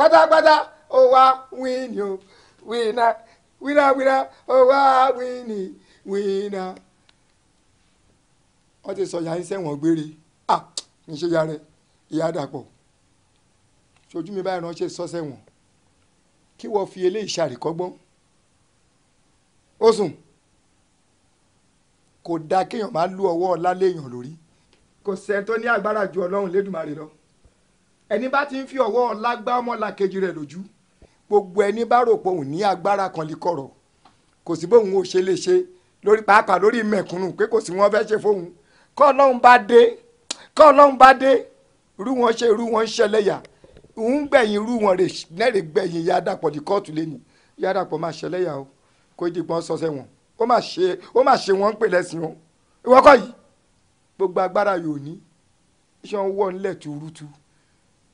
pátápátá ó wá wíìnì o wíìnà wíìnà wíìnà ó wá wíìnì wíìnà. wọ́n ti sọ ìyá yín sẹ́wọ̀n gbére à ń ṣe ya rẹ ìyá dàpọ̀ ṣojú mi báyìí ránṣẹ́ sọ sẹ́wọ̀n kí wọ́n fi eléyìí ṣàríkọ́gbọ́n ó sùn kò dáa kéèyàn máa lú ọwọ́ ọlá léèyàn lórí kò sẹ́ni tó ní agbára ju ọlọ́run lédùmarè lọ ẹni bá ti ń fi ọwọ́ lágbá ọmọlàkejì rẹ̀ lójú gbogbo ẹni bá rò pé òun ní agbára kan lè kọ̀rọ̀ kò sí bóun ò ṣe lè ṣe lórí pàápàá lórí mẹ̀kúnnù pé kò sí wọn fẹ́ ṣe fóun kọ́ ọlọ́run bá dé kọ́ ọlọ́run bá dé irú wọn ṣe irú wọn ṣẹlẹ̀ yà ń gbẹ̀yìn irú wọn rè nẹ́rè gbẹ̀yìn ìyá dàpọ̀ di kóòtù lẹ́nu ìyá dàpọ̀ máa ṣẹlẹ̀ yà o kó dìgbọ́n sọ sẹ́wọ̀n ó máa ṣe ó máa ṣe wọ́n ń pè lẹ́sìn wọn ìwọ́kọ̀ yìí gbogbo agbára yòó ní iṣan wọ̀ ńlẹ̀ tuurutu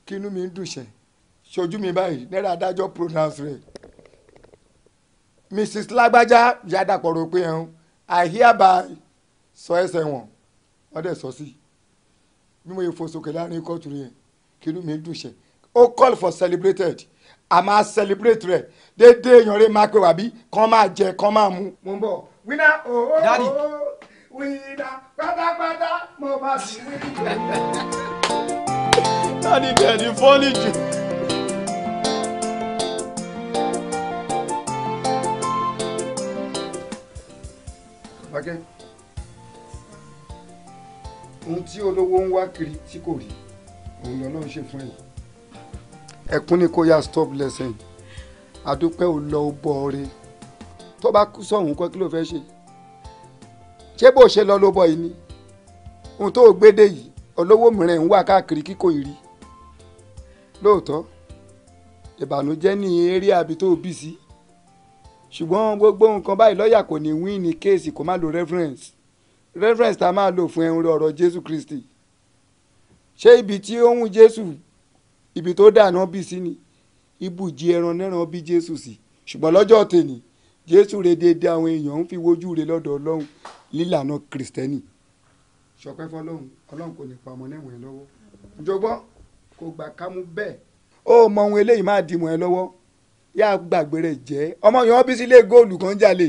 kínú mi ń dùnṣẹ́ ṣojú mi báyìí náírà adájọ́ pronounce rẹ̀ mrs lágbájá yàdàpọ̀ rò pé ẹ̀hún i hereby sọ ẹsẹ̀ wọn wọ́n dẹ̀ sọ sí bí mo yẹ fò sókè láàrin kóòtù rẹ̀ kínú mi ń dùnṣẹ́ ó call for celebrated a máa celebrate rẹ̀ dédé èèyàn rẹ̀ máa pè wá bí kán máa jẹ kán máa mu. mo ń bọ̀ wíná ooo wíná pátápátá mo bá sí wíná sáré dẹ̀ẹ̀dì fọ́ọ̀lì jù. Fàkẹ́, ohun tí olówó ń wá kiri tí kò rí, òun lọ́lọ́run ṣe fún ẹ̀yìn. Ẹ̀kún ni kó yá stop lesson. Adúpẹ́ ò lọ bọ́ ọrẹ. Tó bá kú sọ̀hún kọ́ kí ló fẹ́ ṣe? Ṣé bó ṣe lọ ló bọ̀ yìí ni? Ohun tó gbédè yìí olówó mìíràn ń wà káàkiri kíkó ìrí lóòótọ́ ìbànújẹ́ ní eré abi tó bí sí ṣùgbọ́n gbogbo nǹkan báyìí lọ́ọ̀yà kò ní wí ní kéèsì kó má lo reference reference tá a máa lò fún ẹ̀hún ọ̀rọ̀ Jésù Kristi ṣé ibi tí ó ń Jésù ibi tó dáná bí sí ni ibùjì ẹran nẹ́ran bí Jésù sí ṣùgbọ́n lọ́jọ́ tèmi Jésù rẹ̀ déédéé àwọn èèyàn ń fi wojú rẹ̀ lọ́dọ̀ Ọlọ́run lílànà Kristẹni ṣọpẹ́ fọlọ́run Ọlọ́run kò ní pa ọmọ náà wọ̀nyẹn lọ́wọ́ ǹjọ́ kò gbà kámú bẹ́ẹ̀. ó mọ ohun eléyìí máa dìmọ̀ ẹ lọ́wọ́ yá gbàgbé rẹ̀ jẹ́ ọmọ yẹn wọ́n bí sílé góòlù kan jalè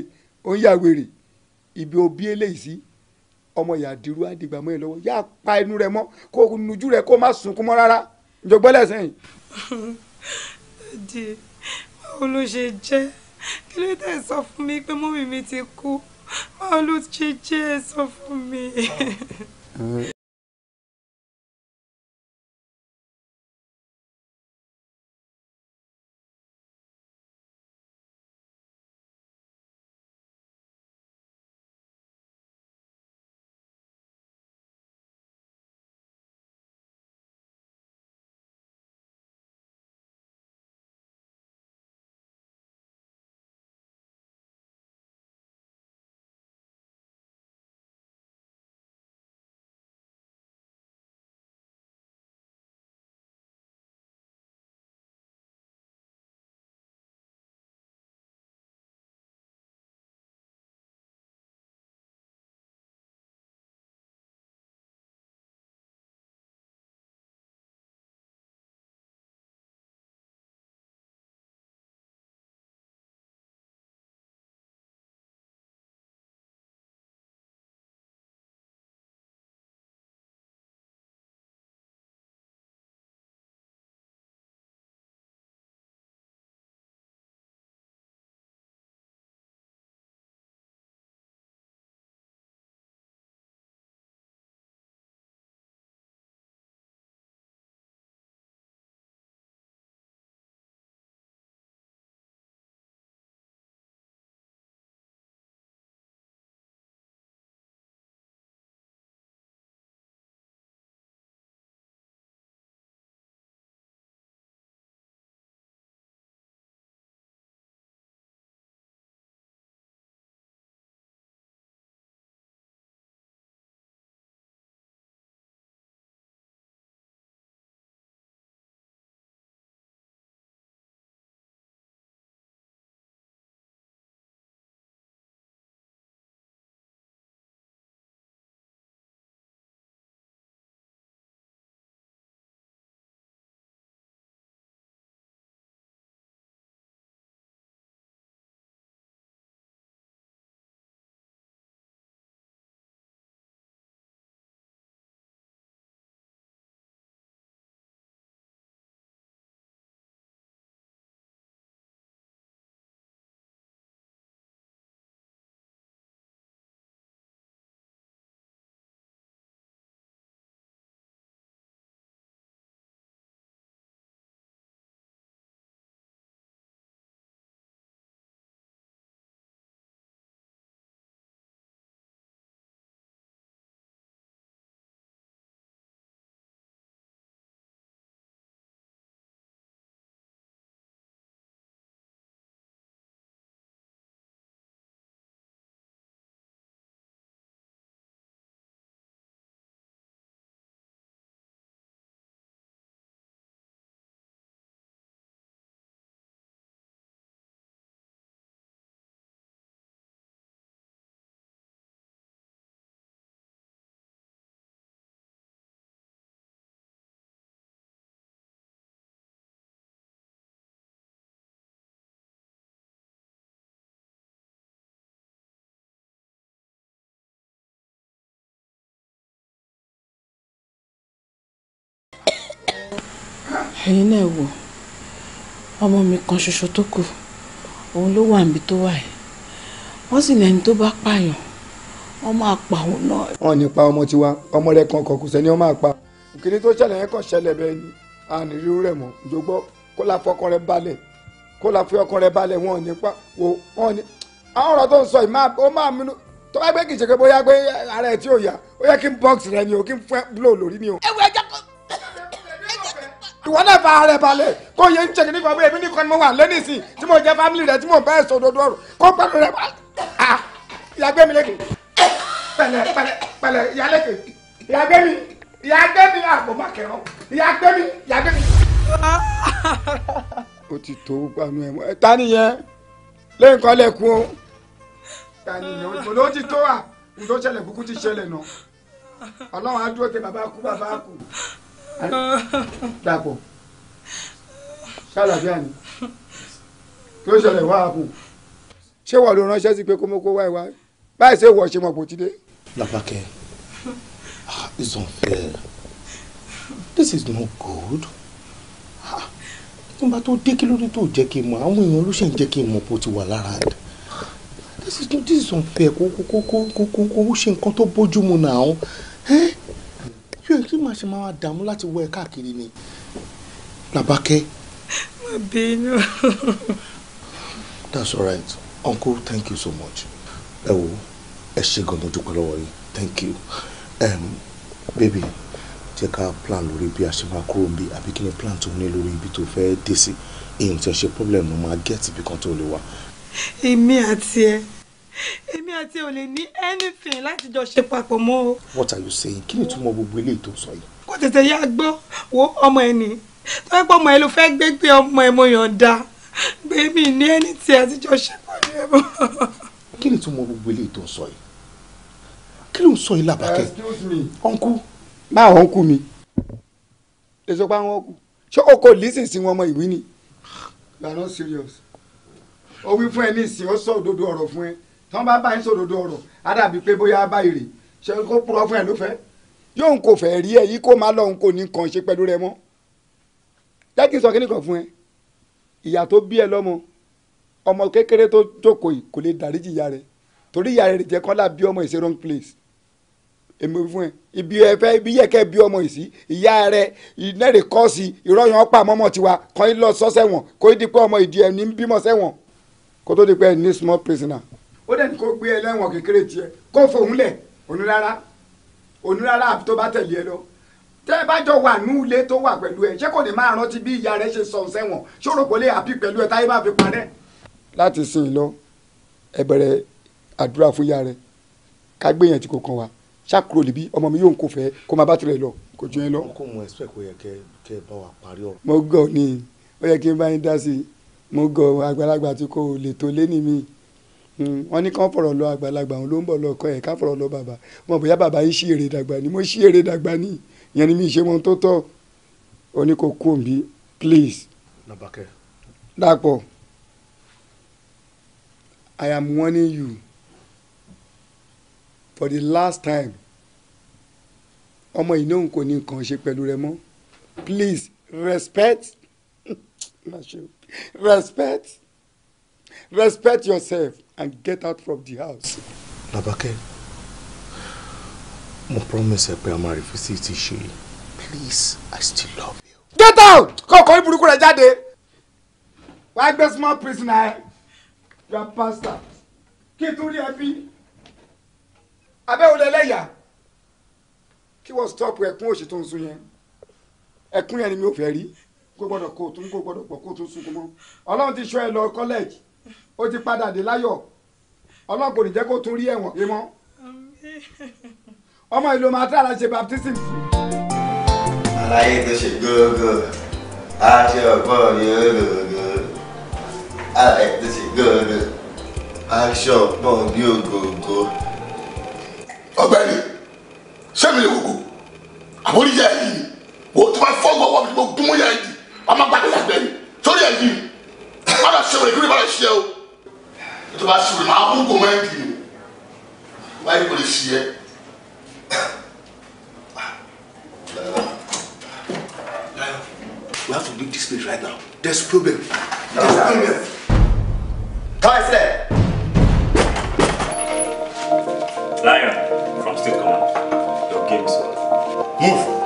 ó ń yàwèrè ibi òbí eléyìí sí ọmọ yàdìrú àdìgbàmọ́ ẹ lọ́wọ́ yá pa inú rẹ mọ́ kó nujú rẹ kó má sunkún mọ́ rárá njọgbọ́lẹ̀ sẹ́yìn. di báwo
ló ṣe jẹ́ kí ló dé sọ fún mi pé mọ́mì mi ti kú báwo ló ṣe jẹ́ sọ fún mi. ẹ̀yin náà wò ọmọ mi kan ṣoṣo tó kù òun ló wà níbi tó wà yìí wọ́n sì lẹ́ni tó bá pààyàn wọ́n máa pa òun náà.
wọn ní pa ọmọ tiwa ọmọ rẹ kan kọkù sẹni wọ́n máa pa òkèlè tó ṣẹlẹ̀ yẹn kàn ṣẹlẹ̀ bẹ́ẹ̀ ni a ní rírú rẹ̀ mọ́ jogbọ kó la fọkàn rẹ balẹ̀ kó la fi ọkàn rẹ balẹ̀ wọn ò ní pa wò wọn ní. àwọn ọ̀rọ̀ tó ń sọ yìí ó máa múnú tó bá gbé kìí ṣe pé bóyá gbé ara ẹ̀ tí ò yá ó yẹ kí n box rẹ ni o kí n fẹ́ blow lórí ni o. ẹ wọ ẹja kan ìwọ náà fa rẹ balẹ̀ kó yẹ ń ṣèkìní kan bí èmi nìkan ni mo wà lẹ́nu ìsìn tí mo jẹ́ fámìlì rẹ tí mo bá ẹ̀sọ́ òdodo ọ̀rọ̀ kó gbẹ́nu rẹ balẹ̀ ah, ìyàgbé mi lékè pẹ̀lẹ́ pẹ̀lẹ́ pẹ̀lẹ́ ìyàlẹ́kè ìyàgbé mi ìyàgbé mi àgbò má kẹrọ ìyàgbé mi ìyàgbé mi. ó ti tó panu ẹ̀ mọ́ ẹ ta nìyẹn lẹ́yìn kan lẹ́kùn o ta nìyẹn òṣèlú ó ti tó wa ǹdó ṣẹlẹ̀ kúkú ti ṣẹlẹ̀ náà ọlọ́run á dúró de bàbá kú bàbá kú dàpọ̀ ṣàlàfíà ni
kí ló ṣẹlẹ̀ wá àpò
ṣé wà ló ránṣẹ́ sí pé kó mọ́ kó wá ìwá báyìí ṣé wọ̀ ṣe mọ̀ kò
ti dé. làbákẹ́ it's unfair this is no good nígbà tó dé kí lórí tó jẹ́ kí n mọ̀ àwọn èèyàn ló ṣe ń jẹ́ kí n mọ̀ bó ti wà lára rẹ̀ this is this is unfair kó kó kó kó kó kó ṣe nǹkan tó bójú mu náà yóò kí màá ṣe máa dààmú láti wọ ẹ káàkiri ni làbákẹ́.
má bínú.
that's all right uncle thank you so much ẹ wo ẹ ṣe gan mo dúpẹ́ lọ́wọ́ yín thank you um, baby jẹ́ ká plan lórí bí a ṣe máa kúrò bí àbí kí ni plan tó ní lórí ibi tó fẹ́ dé sí èyí tí ṣe problem ló máa get ibi kan tó lè wà.
èmi àti ẹ èmi àti ò lè ní anything láti jọ ṣe papọ̀ mọ́ o.
what are you saying kí ni túmọ̀ gbogbo eléyìí tó ń sọ yìí.
kó tètè yá gbọ́ wo ọmọ ẹ nì tó ẹ pọ́ ọmọ ẹ ló fẹ́ gbé gbé ọmọ ẹ mo yọ̀ǹda gbé mi ní ẹni tí a ti jọ ṣe pàdé ẹ mọ́. kí ni túmọ̀ gbogbo eléyìí tó ń sọ yìí
kí ló ń sọ yìí làbàkẹ́ ọ̀nkú. Uh, má ọ̀nkú mi lè sọ àwọn ọkù ṣé o kò lísìn sí wọn ọmọ ìwé ni. you are not serious. ó wí fún ẹ ní ìsìn ó sọ òdodo ọ̀rọ̀ fún ẹ tán bá bá ń sòdodo ọ̀rọ̀ á dàbí pé bóyá báyìí rè ṣe kó purọ́ fún ẹ ló fẹ́ yóò ń kò fẹ́ rí ẹ yìí kó má lọ́hùn kò ní kàn ṣe pẹ̀lú rẹ mọ́ jẹ́ kí n sọ kíní kan fún ẹ ìyá tó bí ẹ lọ́mọ ọmọ kékeré tó jókòó yìí kò lè dáríjì ìyá rẹ torí ìyá rẹ jẹ́ kọ́lá bí ọmọ ìṣe wrong place èmi fún ẹ ibi ẹfẹ ibi yẹkẹ bí ọmọ ìsí ìyá rẹ ìnẹrè kọ́ọ̀sì ìrọ̀yàn ọ̀pá mọ́mọ́ tiwa kan lọ sọ́sẹ̀wọ̀n kó di pé ọmọ ìdí ẹni ń bímọ sẹ́wọ̀n kó tó di pé ẹni small prisoner ó dẹ̀ ní kó gbé ẹlẹ́wọ̀n kékeré tiẹ̀ kó fòun lẹ̀ onírárá onírárá tó bá tẹ̀lé ẹ lọ tẹ́ ẹ bá jọ wà ní ilé tó wà pẹ̀lú ẹ ṣé kò ní máa rántí bí ìyá rẹ ṣe sọ sẹ́wọ̀n ṣòro kò lè àbí pẹ̀lú ẹ táyé bá fi parẹ́. láti sìn lọ ẹ bẹ̀rẹ̀ àdúrà fún ìyá rẹ ká gbé yẹn tí kò kàn wá ṣàkúrò níbí ọmọ mi yóò ń fẹ́ kó máa bá tirẹ̀ lọ kò ju yẹn lọ. mo gọ ni ó yẹ kí n bá yín dá sí mo gọ àgbàlagbà tí kò lè tó lé ní mi. Hmm, wọ́n ní kán fọ̀rọ̀ lọ àgbàlagbà òun ló ń bọ̀ lọ ọkọ ẹ̀ ká fọ̀rọ̀ lọ bàbá wọn bóyá bàbá yín ṣí èrè dàgbà ni mo ṣí èrè dàgbà ni ìyẹn ni mi ṣe wọn tó tọ́ ó ní kó kú òǹbí please. labakẹ́. dàpọ̀ I am warning you for the last time ọmọ yìí náà kò ní nǹkan ṣe pẹ̀lú rẹ mọ́ please respect respect respect yourself and get out from the house.
Labake, mo promise ẹ pé a máa revisit issue yìí. Please, I
still love
you. Get out! Kọ̀ọ̀kan ìburúkú rẹ̀ jáde. Wàá gbé small prisoner ẹ. You are pastor. Kí n tún rí ẹbí. Abẹ́wò lẹ́lẹ́yà. Kí wọ́n stop ẹkún òṣì tó ń sun yẹn. Ẹkún yẹn ni mi ò fẹ́ rí. Kó gbọ́dọ̀ kó o tún kó gbọ́dọ̀ pọ̀ kó o tún sunkún mọ́. Ọlọ́run ti ṣọ́ ẹ lọ kọ́lẹ́jì ó ti padà dé láyọ̀ ọlọ́run kò ní jẹ́ kó tún rí ẹ̀wọ̀n pé mọ́ ọmọ ìlú máa tẹ́ àlàṣe baptism. aláyé tó ṣe gógó aṣọ ọ̀pọ̀ yóò lògó aláyé tó ṣe gógó aṣọ ọ̀pọ̀ bí ògògó. ọ̀gbẹ́ni sẹmi lè gbogbo àforíjì ẹyí ni o tó bá fọ́ gbọ́ wọ́pẹ́ gbogbo dúnmọ́ yẹn yìí wọ́n máa gbàgbé àgbẹ̀ yìí sórí ẹyí wọ́n máa ṣe wọ̀nyí
bá lọ ṣe o tó bá sùn máa kú kò mọ́ ẹ̀dì o báyìí kò lè sí ẹ. We have to leave this place right now.
There's a problem. There's a problem.
Come here. Lion from State Command. Your game is over. Move.